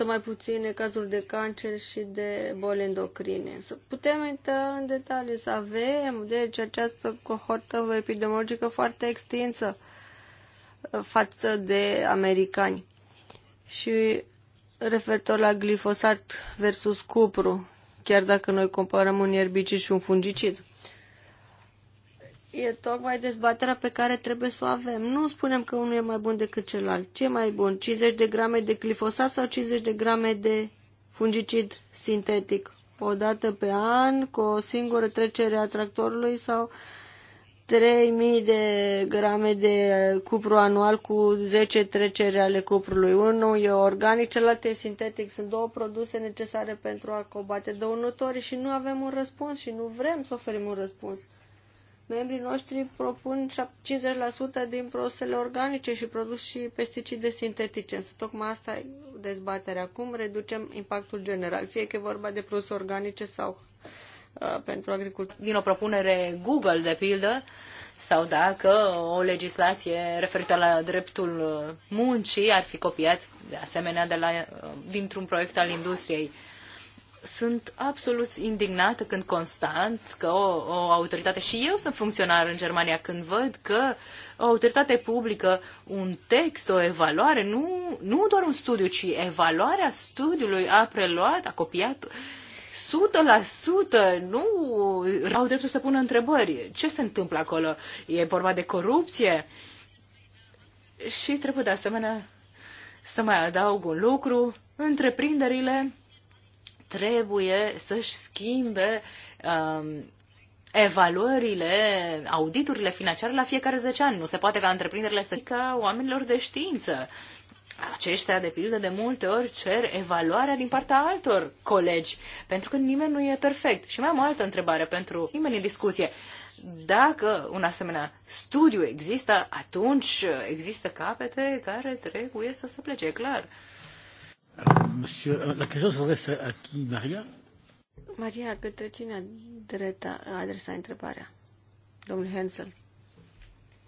mai puține cazuri de cancer și de boli endocrine. Să putem intra în detalii, să avem deci această cohortă epidemiologică foarte extinsă uh, față de americani. Și referitor la glifosat versus cupru, chiar dacă noi comparăm un erbicid și un fungicid e tocmai dezbaterea pe care trebuie să o avem. Nu spunem că unul e mai bun decât celălalt. Ce e mai bun? 50 de grame de glifosat sau 50 de grame de fungicid sintetic? O dată pe an, cu o singură trecere a tractorului sau 3000 de grame de cupru anual cu 10 treceri ale cuprului. Unul e organic, celălalt e sintetic. Sunt două produse necesare pentru a combate dăunătorii și nu avem un răspuns și nu vrem să oferim un răspuns. Membrii noștri propun 50% din produsele organice și produs și pesticide sintetice, însă tocmai asta e dezbaterea. Cum reducem impactul general, fie că e vorba de produse organice sau uh, pentru agricultură. Din o propunere Google, de pildă, sau dacă o legislație referitoare la dreptul uh, muncii ar fi copiat de asemenea de la, uh, dintr-un proiect al industriei. Uh, sunt absolut indignată când constant că o, o autoritate, și eu sunt funcționar în Germania, când văd că o autoritate publică, un text, o evaluare, nu, nu doar un studiu, ci evaluarea studiului a preluat, a copiat 100%, nu au dreptul să pună întrebări. Ce se întâmplă acolo? E vorba de corupție? Și trebuie de asemenea să mai adaug un lucru. Întreprinderile trebuie să-și schimbe um, evaluările, auditurile financiare la fiecare 10 ani. Nu se poate ca întreprinderile să ca oamenilor de știință. Aceștia, de pildă, de multe ori cer evaluarea din partea altor colegi, pentru că nimeni nu e perfect. Și mai am o altă întrebare pentru nimeni în discuție. Dacă un asemenea studiu există, atunci există capete care trebuie să se plece, clar. Monsieur, euh, la question s'adresse à qui, Maria? Maria, către cine adreta, adresa întrebarea? Domnul Hensel.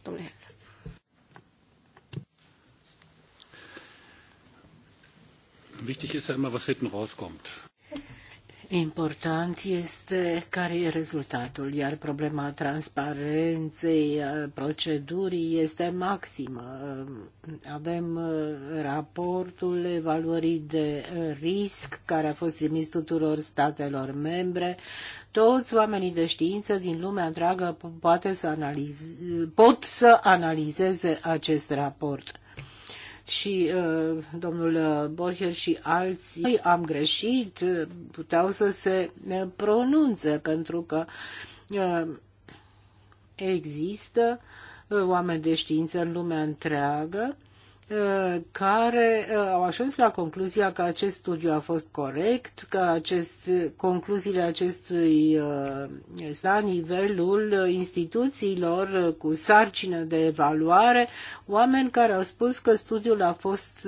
Domnul Hensel. Wichtig ist ja immer, was hinten rauskommt. Important este care e rezultatul, iar problema transparenței procedurii este maximă. Avem raportul evaluării de risc care a fost trimis tuturor statelor membre. Toți oamenii de știință din lumea întreagă poate să analize, pot să analizeze acest raport și uh, domnul uh, Borcher și alții am greșit, uh, puteau să se uh, pronunțe pentru că uh, există oameni de știință în lumea întreagă Uh, care uh, au ajuns la concluzia că acest studiu a fost corect, că acest, concluziile acestui uh, la nivelul instituțiilor cu sarcină de evaluare, oameni care au spus că studiul a fost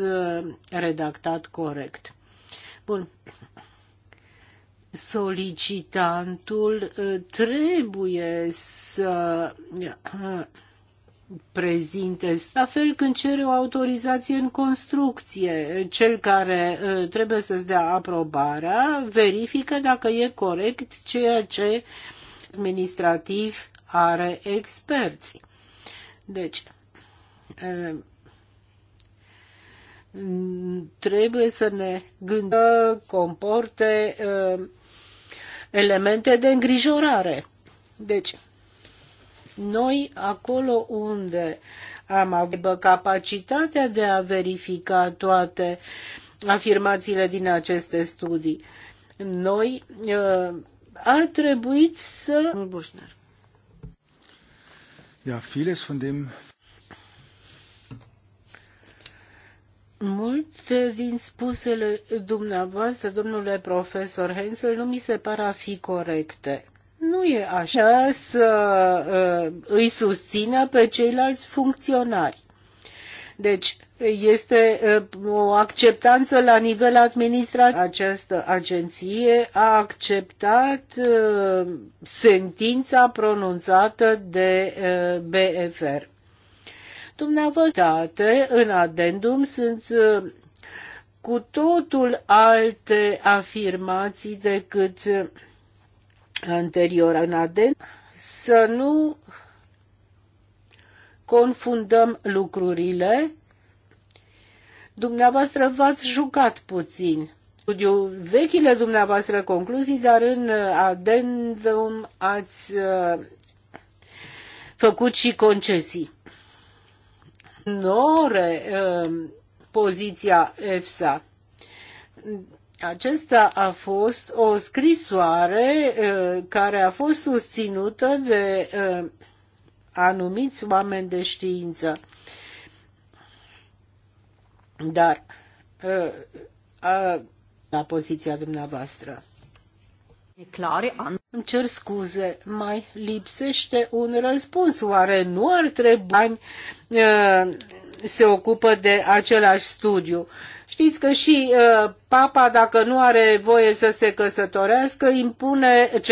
redactat corect. Bun. Solicitantul trebuie să prezinte, la fel când cere o autorizație în construcție. Cel care uh, trebuie să-ți dea aprobarea verifică dacă e corect ceea ce administrativ are experți. Deci, uh, trebuie să ne gândim comporte uh, elemente de îngrijorare. Deci, noi, acolo unde am avut capacitatea de a verifica toate afirmațiile din aceste studii, noi uh, a trebuit să... Bușner. Ja, vieles von dem Multe din spusele dumneavoastră, domnule profesor Hensel, nu mi se par a fi corecte nu e așa să uh, îi susțină pe ceilalți funcționari. Deci este uh, o acceptanță la nivel administrativ. Această agenție a acceptat uh, sentința pronunțată de BFR. Dumneavoastră, în adendum sunt cu totul alte afirmații decât anterior în Aden, să nu confundăm lucrurile. Dumneavoastră v-ați jucat puțin. Studiu vechile dumneavoastră concluzii, dar în uh, adendum ați uh, făcut și concesii. Nore uh, poziția EFSA acesta a fost o scrisoare uh, care a fost susținută de uh, anumiți oameni de știință. Dar uh, la poziția dumneavoastră. Clare, Îmi cer scuze, mai lipsește un răspuns. Oare nu ar trebui uh, se ocupă de același studiu. Știți că și uh, papa, dacă nu are voie să se căsătorească, impune